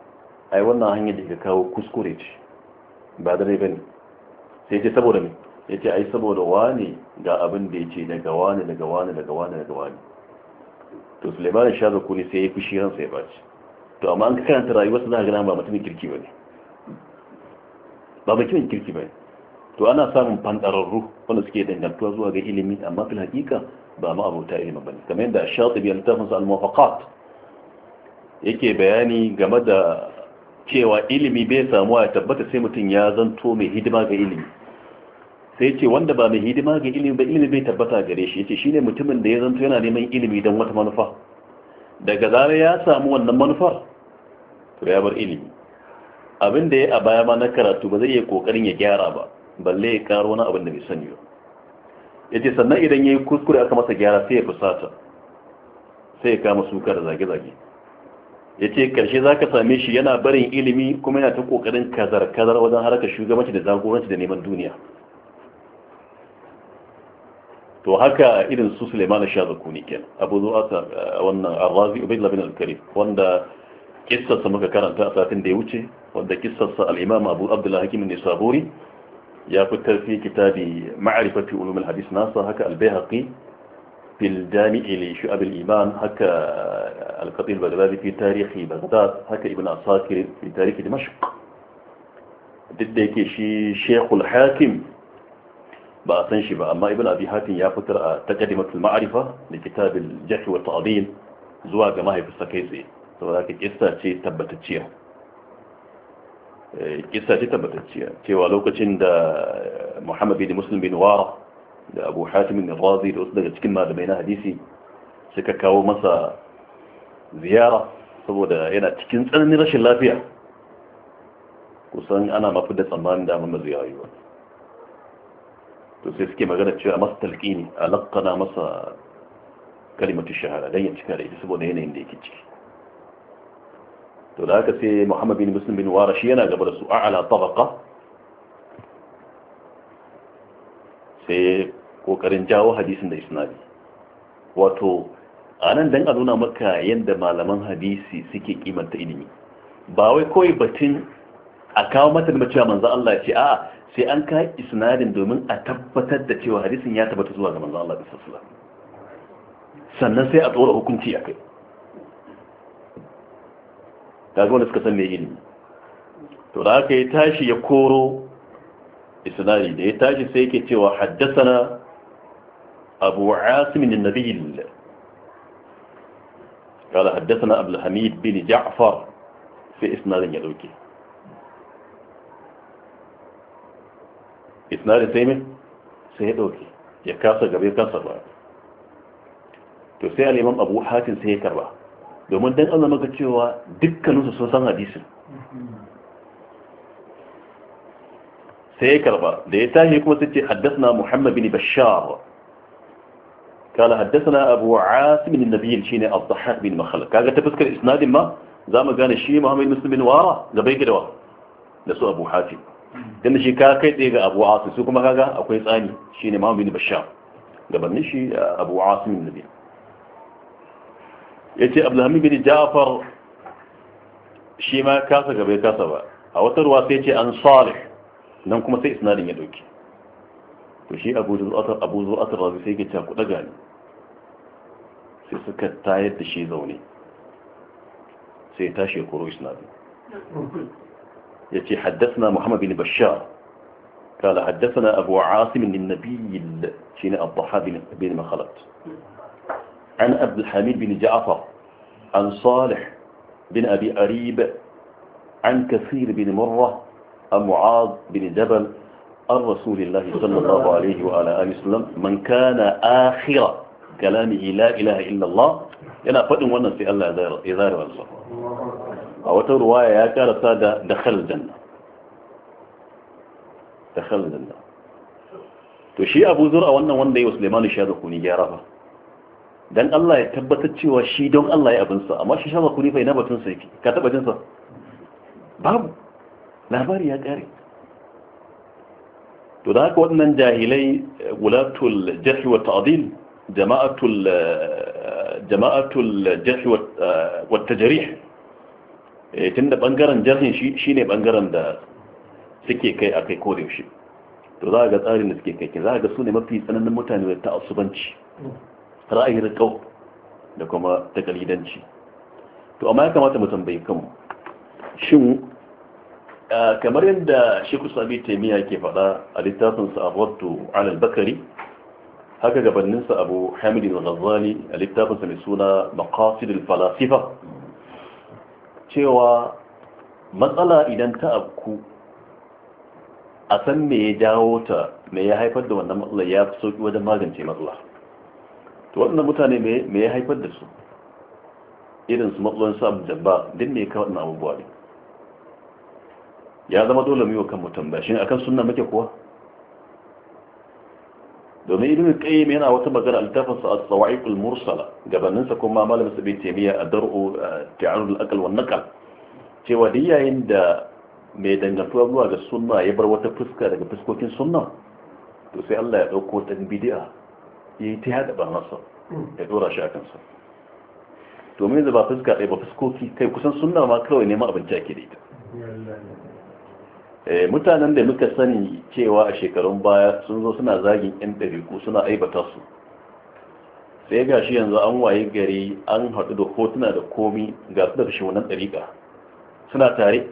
ai wannan hanyar da ka kawo kuskure ce ba da rai bane sai ce saboda me ya ce ai saboda wani ga abin da ya ce daga wani daga wani daga wani daga wani to suleiman sha zaku ne sai ya fushi ransa ya baci to amma an ka karanta rayuwarsa za a gana ba mutumin kirki ba ne ba mutumin kirki ba ne to ana samun fanɗararru wanda suke dangantuwa zuwa ga ilimi amma fil hakika ba ma abota ilimi ba ne kamar yadda biyar littafin su al-muwafaqat yake bayani game da cewa ilimi bai samuwa ya tabbata sai mutum ya zanto mai hidima ga ilimi sai ce wanda ba mai hidima ga ilimi ba ilimi bai tabbata gare shi yace shine mutumin da ya zanto yana neman ilimi don wata manufa daga zara ya samu wannan manufar to ya bar ilimi abin da ya a baya ma na karatu ba zai iya kokarin ya gyara ba balle ya karo wani abin da bai sani ba yace sannan idan yi kuskure aka masa gyara sai ya fusata sai ya kama suka da zage-zage yace karshe zaka same shi yana barin ilimi kuma yana ta kokarin kazar-kazar wajen harkar shugabanci da zagoranci da neman duniya to haka irin su Suleiman Shazakuni ken Abu Zu'asa wannan Ar-Razi Ubaydullah bin Al-Karim wanda kissarsa muka karanta a satin da ya wuce wanda kissarsa al-Imam Abu Abdullah Hakim an-Nisaburi ya fitar fi kitabi Ma'rifatu Ulum al-Hadith nasa haka Al-Baihaqi في الجامع لشعب الإيمان هكا القطيع البغدادي في تاريخ بغداد هكا ابن عساكر في تاريخ دمشق ضد شي شيخ الحاكم ba a san shi ba amma ibn abi hatim ya fitar a taqdimatul ma'rifa da kitabul jahl wa ta'dil zuwa ga mahaifinsa kai tsaye saboda ka kissa ce tabbatacciya eh, kissa ce tabbatacciya cewa lokacin da eh, Muhammad bin Muslim bin Wara da Abu Hatim bin Razi da wasu daga cikin malamai na hadisi suka kawo masa ziyara saboda yana cikin tsananin rashin lafiya kusan ana mafi da tsammanin da amma ziyararwa to sai suke magana cewa masa a alaqana masa kalimatu shahara, dan ya cika da ita saboda yanayin da yake ciki to da haka sai Muhammad bin Muslim bin Warashi yana gaba da su a'la tabaqa sai kokarin jawo hadisin da isnadi wato anan dan a nuna maka yadda malaman hadisi suke kimanta ilimi ba wai kawai batun a kawo mata da a manzo Allah ce a sai an ka isnadin domin a tabbatar da cewa hadisin ya tabbata zuwa ga manzo Allah sallallahu alaihi sannan sai a tsora hukunci akai kaga wanda suka san me ilimi to da aka yi tashi ya koro isnadi da ya tashi sai yake cewa haddathana abu asim bin nabil قال حدثنا أبو الحميد بن جعفر في ya يدوكي isnadin sai mai sai ya ɗauke ya kasa gabe kansa ba to sai al'imam abu hatin sai ya karba domin don an zama ga cewa dukkaninsu sun san hadisin sai ya karba da ya tashi kuma sai ce haddasa muhammad bin bashar قال حدثنا أبو عاصم بن النبي شيني الضحاك ma مخلق كاغا تفسكر إسناد ما زام gane shi محمد bin بن وارا زبيك دوا نسو أبو حاتم dan shi ka kai tsaye ga abu asim su kuma kaga akwai tsani shine mamu bin bashar gabanin shi abu asim bin nabi yace abdulhamid bin ja'far shi ma kasa gaba ya kasa ba a wata ruwa sai ce an salih nan kuma sai isnadin ya dauki to shi abu zu'atar abu zu'atar razi sai ke ta ku daga ne sai suka tayar da shi zaune sai tashi ya koro isnadin يتي حدثنا محمد بن بشار قال حدثنا أبو عاصم النبيل شين الضحى بن مخلط عن عبد الحميد بن جعفر عن صالح بن أبي أريب عن كثير بن مرة عن معاذ بن جبل عن رسول الله صلى الله عليه وعلى آله وسلم من كان آخر كلامه لا إله إلا الله ينا فإن ونسي الله إذار الله a wata ruwaya ya karasa da dakhal janna dakhal janna to shi Abu a wannan wanda yayi Sulaiman kuni gyara fa dan Allah ya tabbatar cewa shi don Allah ya abinsa amma shi kuni fa ina batun sa yake ka taba jinsa babu labari ya kare to da haka wannan jahilai wulatul eh, jahi wa ta'dil jama'atul eh, jama'atul jahi wa eh, tajrih Eh, tun da ɓangaren jarhin shi ne ɓangaren da suke kai a kai shi to za a ga tsarin da suke kai za a ga su ne mafi tsananin mutane da ta'asubanci ra'ayin rikau da kuma takalidanci to amma ya kamata mu tambayi kanmu shin kamar yadda shi kusabi taimiyya ke faɗa a littafinsa a wato alal bakari haka gabaninsa abu hamidin ghazali a littafinsa mai suna maqasid falasifa cewa matsala idan ta abku a san me ya jawo ta me ya haifar da wannan matsala ya fi sauki wajen magance matsala to waɗannan mutane me ya haifar da su irin su matsalolin su abu jabba din me ya wannan abubuwa ne ya zama dole mu yi wa kan mutum ba shi akan sunna muke kuwa domin ibn qayyim yana wata magana altafasa as-sawa'iq al-mursala gabanin sa kuma malamin sa bai taimiya ad-dar'u eh, ta'arud al-aql wa naql cewa da yayin da mai dangantuwa zuwa ga sunna ya bar wata fuska daga fuskokin sunna to sai Allah ya dauko ta bid'a yayi ta hada ba masa ya dora shi akan sa domin da ba fuska ɗaya ba fuskoki kai kusan sunna ma kawai neman abinci ake da ita Eh, mutanen da muka sani cewa a shekarun baya sun zo suna zagin 'yan ɗariku suna aibata su sai ga shi yanzu an waye gari an haɗu da hotuna da komi ga su daga shimunan ɗariƙa suna tare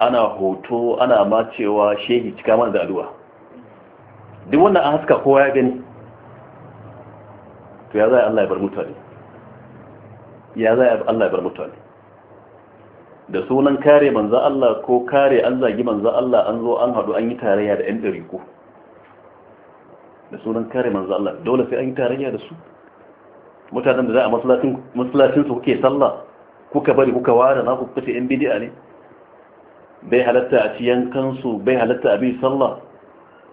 ana hoto ana ma cewa shehi cika mana da aluwa, duk wannan an haska kowa ya gani to ya za a Allah ya bar mutane ya za a Allah ya bar mutane da sunan kare manza Allah ko kare an zagi manza Allah an zo an haɗu an yi tarayya da 'yan ɗariko da sunan kare manza Allah dole sai an yi tarayya da su mutanen da za a masulacinsu kuke sallah kuka bari kuka ware na kuka ce 'yan bidiya ne bai halatta a ciyan kansu bai halatta a bi sallah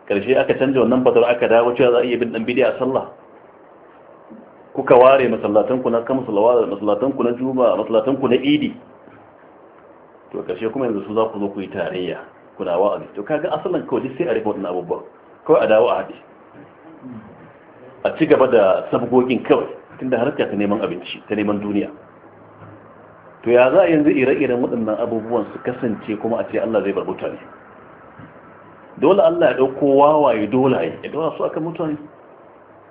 ƙarshe aka canja wannan fatar aka dawo cewa za a iya bin ɗan bidiya sallah kuka ware masallatanku na kan masallatanku na juma'a, masallatanku na idi to kashe kuma yanzu su za ku zo ku yi tarayya kuna wa'azi to kaga asalin kawai sai a rufe wannan abubuwan kawai a dawo a haɗe a ci gaba da sabgogin kawai tun da harka ta neman abinci ta neman duniya to ya za a yanzu ire-iren waɗannan abubuwan su kasance kuma a ce Allah zai bar mutane dole Allah ya ɗauko wawaye dolaye ya ɗora su akan mutane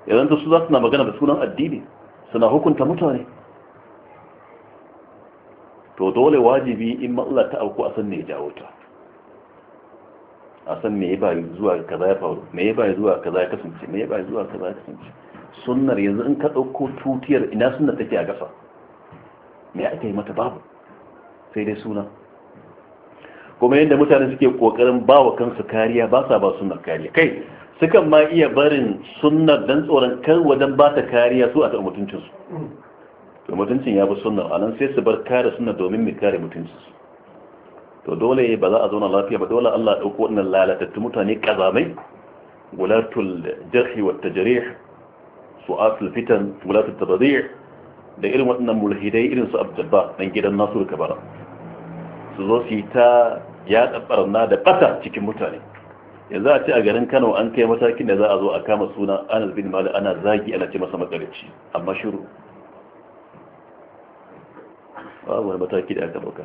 yanzu su za su na magana da sunan addini suna hukunta mutane to dole wajibi in matsala ta auku a san me ya jawo ta a san me ya bayi zuwa kaza ya faru me ya bayi zuwa kaza ya kasance me ya bayi zuwa kaza ya kasance sunnar yanzu in ka ɗauko tutiyar ina sunnar take a gasa me aka yi mata babu sai dai suna kuma yadda mutane suke kokarin ba wa kansu kariya ba sa ba sunnar kariya kai sukan ma iya barin sunnar don tsoron kar wajen ba ta kariya su a ta mutuncinsu to mutuncin ya bi sunna a nan sai su bar kare suna domin mai kare mutuncin to dole ba za a zauna lafiya ba dole Allah ɗauko wannan lalatattu mutane kazamai gulatul jarhi wa tajrih su'atul fitan gulatul da irin waɗannan mulhidai irin su abdabba dan gidan Nasir Kabara su zo su ta ya tsabbarna da bata cikin mutane yanzu a ce a garin Kano an kai matakin da za a zo a kama suna Anas bin Malik ana zagi ana ce masa matsalaci amma shiru babu wani mataki da aka dauka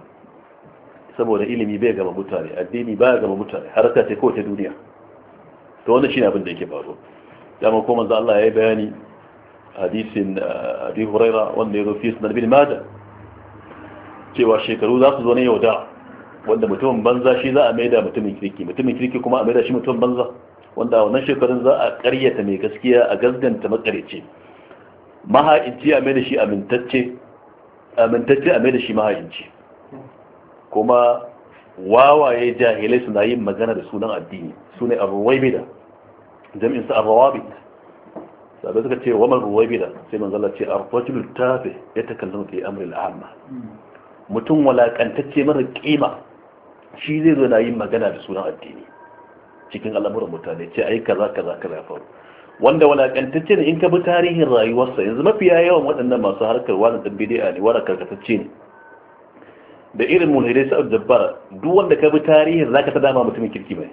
saboda ilimi bai gama mutane addini baya gama mutane har ta ce kowace duniya to wannan shine abin da yake faruwa dama ko manzo Allah ya yi bayani hadisin ah, Abi Huraira wanda ya fi sunan Ibn Majah cewa shekaru za su zo ne yauda wanda mutumin banza shi za a maida mutumin kirki mutumin kirki kuma a maida shi mutum banza wanda wannan shekarun za a karyata mai gaskiya a gasganta makarece maha'inci a maida shi amintacce amintacce a mai da shi mahayinci kuma wawaye jahilai suna yin magana da sunan addini su ne arwaibida jami'in su arwabit sabai suka ce wamar ruwaibida sai manzala ce arwajulun tafe ya ta kallon fi amri al'amma mutum walakantacce mara kima shi zai zo na yin magana da sunan addini cikin al'amuran mutane ce ai kaza kaza kaza ya faru wanda walakantacce ne in ka bi tarihin rayuwarsa yanzu mafiya yawan waɗannan masu harkar wani ɗan bidi'a ne wani karkatacce ne da irin mulhidai sa'ad Jabbar, duk wanda ka bi tarihin za ka ta dama mutumin kirki bai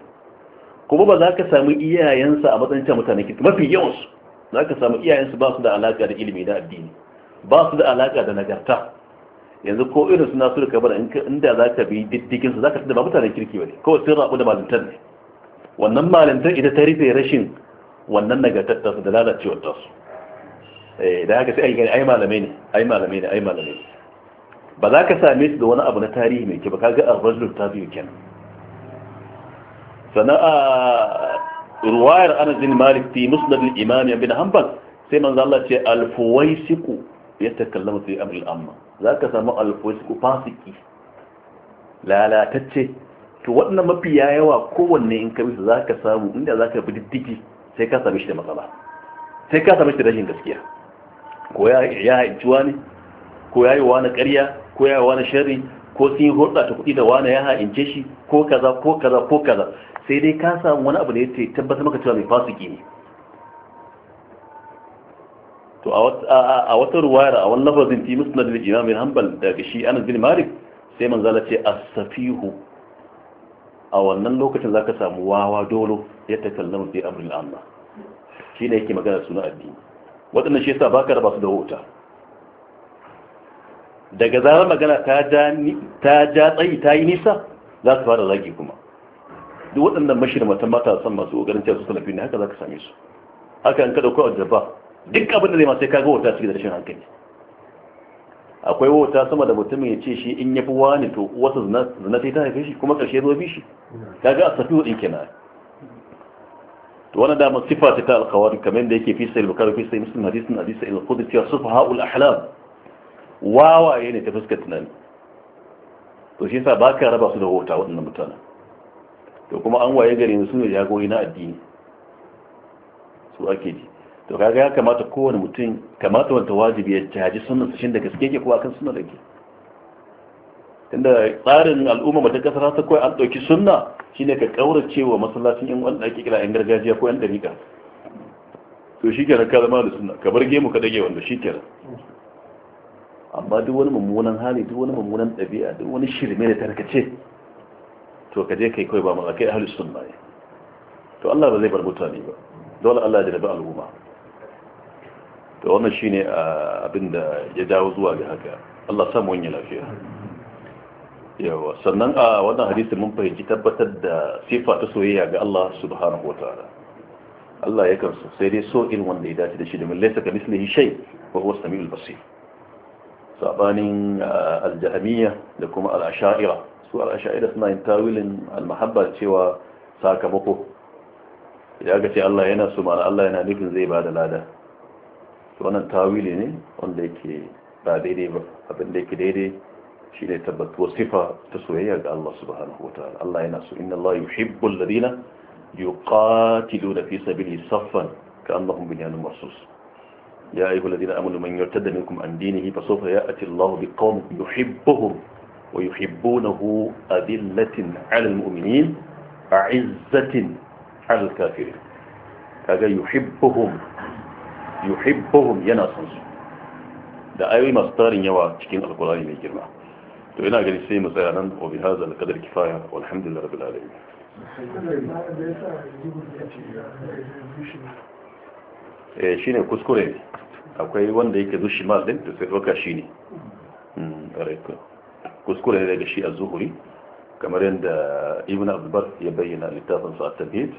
kuma ba za ka samu iyayensa a matsayin mutanen kirki mafi yawansu za ka samu iyayensu ba su da alaƙa da ilimi da addini ba su da alaƙa da nagarta yanzu ko irin suna su da kabar inda za ka bi diddiginsu za ka ta dama mutanen kirki mai kawai sun rabu da malintan ne wannan malintan ita ta rufe rashin wannan nagartattar su da lalacewar tasu eh, da haka sai ake gani ai malamai ne ai malamai ne ai malamai ne ba za ka same su da wani abu na tarihi mai kiba ba kaga arbazul ta biyu kenan sannan a ruwayar Ana bin malik fi musulun imam imam ibn hanbal sai manzo Allah ce al-fuwaisiku ya takallama fi amri al-amma ka samu al fasiki lalatacce to wannan mafi yawa kowanne in ka za ka samu inda za ka bi diddigi sai ka sami shi da matsala sai ka sami shi da rashin gaskiya ko ya haici wani ko ya yi wani ƙarya ko ya yi wani shari ko sun yi hulɗa ta kuɗi da wani ya ha'ince shi ko kaza ko kaza ko kaza sai dai ka samu wani abu da ya tabbatar maka cewa mai fasiki ne to a wata ruwayar a wani lafazin fi na da jima mai hanbal daga shi anas zini malik sai manzala ce a safihu a wannan lokacin za ka samu wawa dolo ya ta kallon fi amurin Allah shi ne yake magana suna addini waɗannan shi yasa baka raba su da wuta daga zarar magana ta ja tsayi ta yi nisa za su fara zagi kuma duk waɗannan mata san masu ƙoƙarin cewa su salafi ne haka za ka same su haka an kada kawai jaba, duk abin da zai masu kaga su da rashin hankali akwai wuta sama da mutumin ya ce shi in yafi wani to wasu zina ta ta haife shi kuma ƙarshe zo bi shi kaga a safi hudin kenan wani wannan dama sifa ta alkawari kamar da yake fi sai bukari fi sai muslim hadisin hadisi al-qudsi cewa sufahaul ahlam wawaye ne ta fuskar tunani to shi ba ka raba su da wata waɗannan mutane to kuma an waye gari su ne jagori na addini su ake ji to kaga ya kamata kowane mutum kamata wanta wajibi ya jaji sunan su shi da gaske ke kuwa kan sunan da ke tunda tsarin al'umma mata kasar ta kawai an ɗauki sunna shine ka ƙaurace wa masallacin yan wanda ake kira yan gargajiya ko yan ɗariƙa to shi kenan ka zama da sunna ka bar gemu ka dage wanda shi kenan amma duk wani mummunan hali duk wani mummunan ɗabi'a duk wani shirme da tarkace to ka je kai kawai ba maza kai ahlus sunna ne to Allah ba zai bar mutane ba dole Allah ya rabu al'umma to wannan shine ah, abinda ya dawo zuwa ga haka Allah samu wani lafiya yawa sannan a wannan hadisi mun fahimci tabbatar da sifa ta soyayya ga Allah subhanahu wataala Allah yakan so sai dai so irin wanda ya dace da shi domin laysa ka mislihi shay wa huwa samiul basir sabanin al-jahmiyya da kuma al-asha'ira su al-asha'ira suna yin tawilin al-mahabba cewa sakamako Ya ga ce Allah yana so mana Allah yana nufin zai bada lada to wannan tawili ne wanda yake ba daidai ba abin da yake daidai shi ne tabbatuwar sifa ta soyayya ga Allah subhanahu wa ta'ala Allah yana so inna Allah yuhibbul ladina yuqatiluna fi sabilihi saffan ka'annahum bunyanun marsus ya ayyuhal ladina amanu man yartadda minkum an dinihi fa sawfa ya'ti Allah biqaumin yuhibbuhum wa yuhibbunahu adillatin 'alal mu'minin a'izzatin 'alal kafirin kaga yuhibbuhum yuhibbuhum yana son su da ayoyi masu tarin yawa cikin alkulari mai girma تبينا جلسي مساء عنا وبهذا القدر كفاية والحمد لله رب العالمين إيه، شيني كسكوري أكوي وان ديك ذو الشمال دين تسيروا كشيني أريكو كسكوري هذا الشيء الزهري كما رأينا ابن عبد البر يبين لتافن سعى التبهيد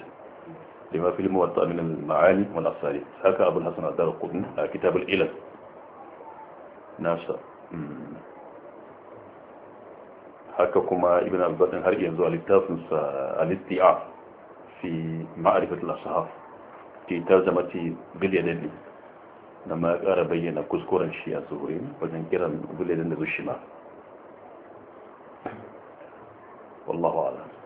لما في الموضع من المعاني والأصالي هكا أبو الحسن عدار القرن كتاب الإلم ناشا haka kuma ibn albatin har yanzu a littafinsa al-istiaf fi ma'arifatul ashab ke tarjamati bilyanelli da ma ƙara bayyana kuskuren shi a zuhuri wajen kiran bilyanen da zushima wallahu alam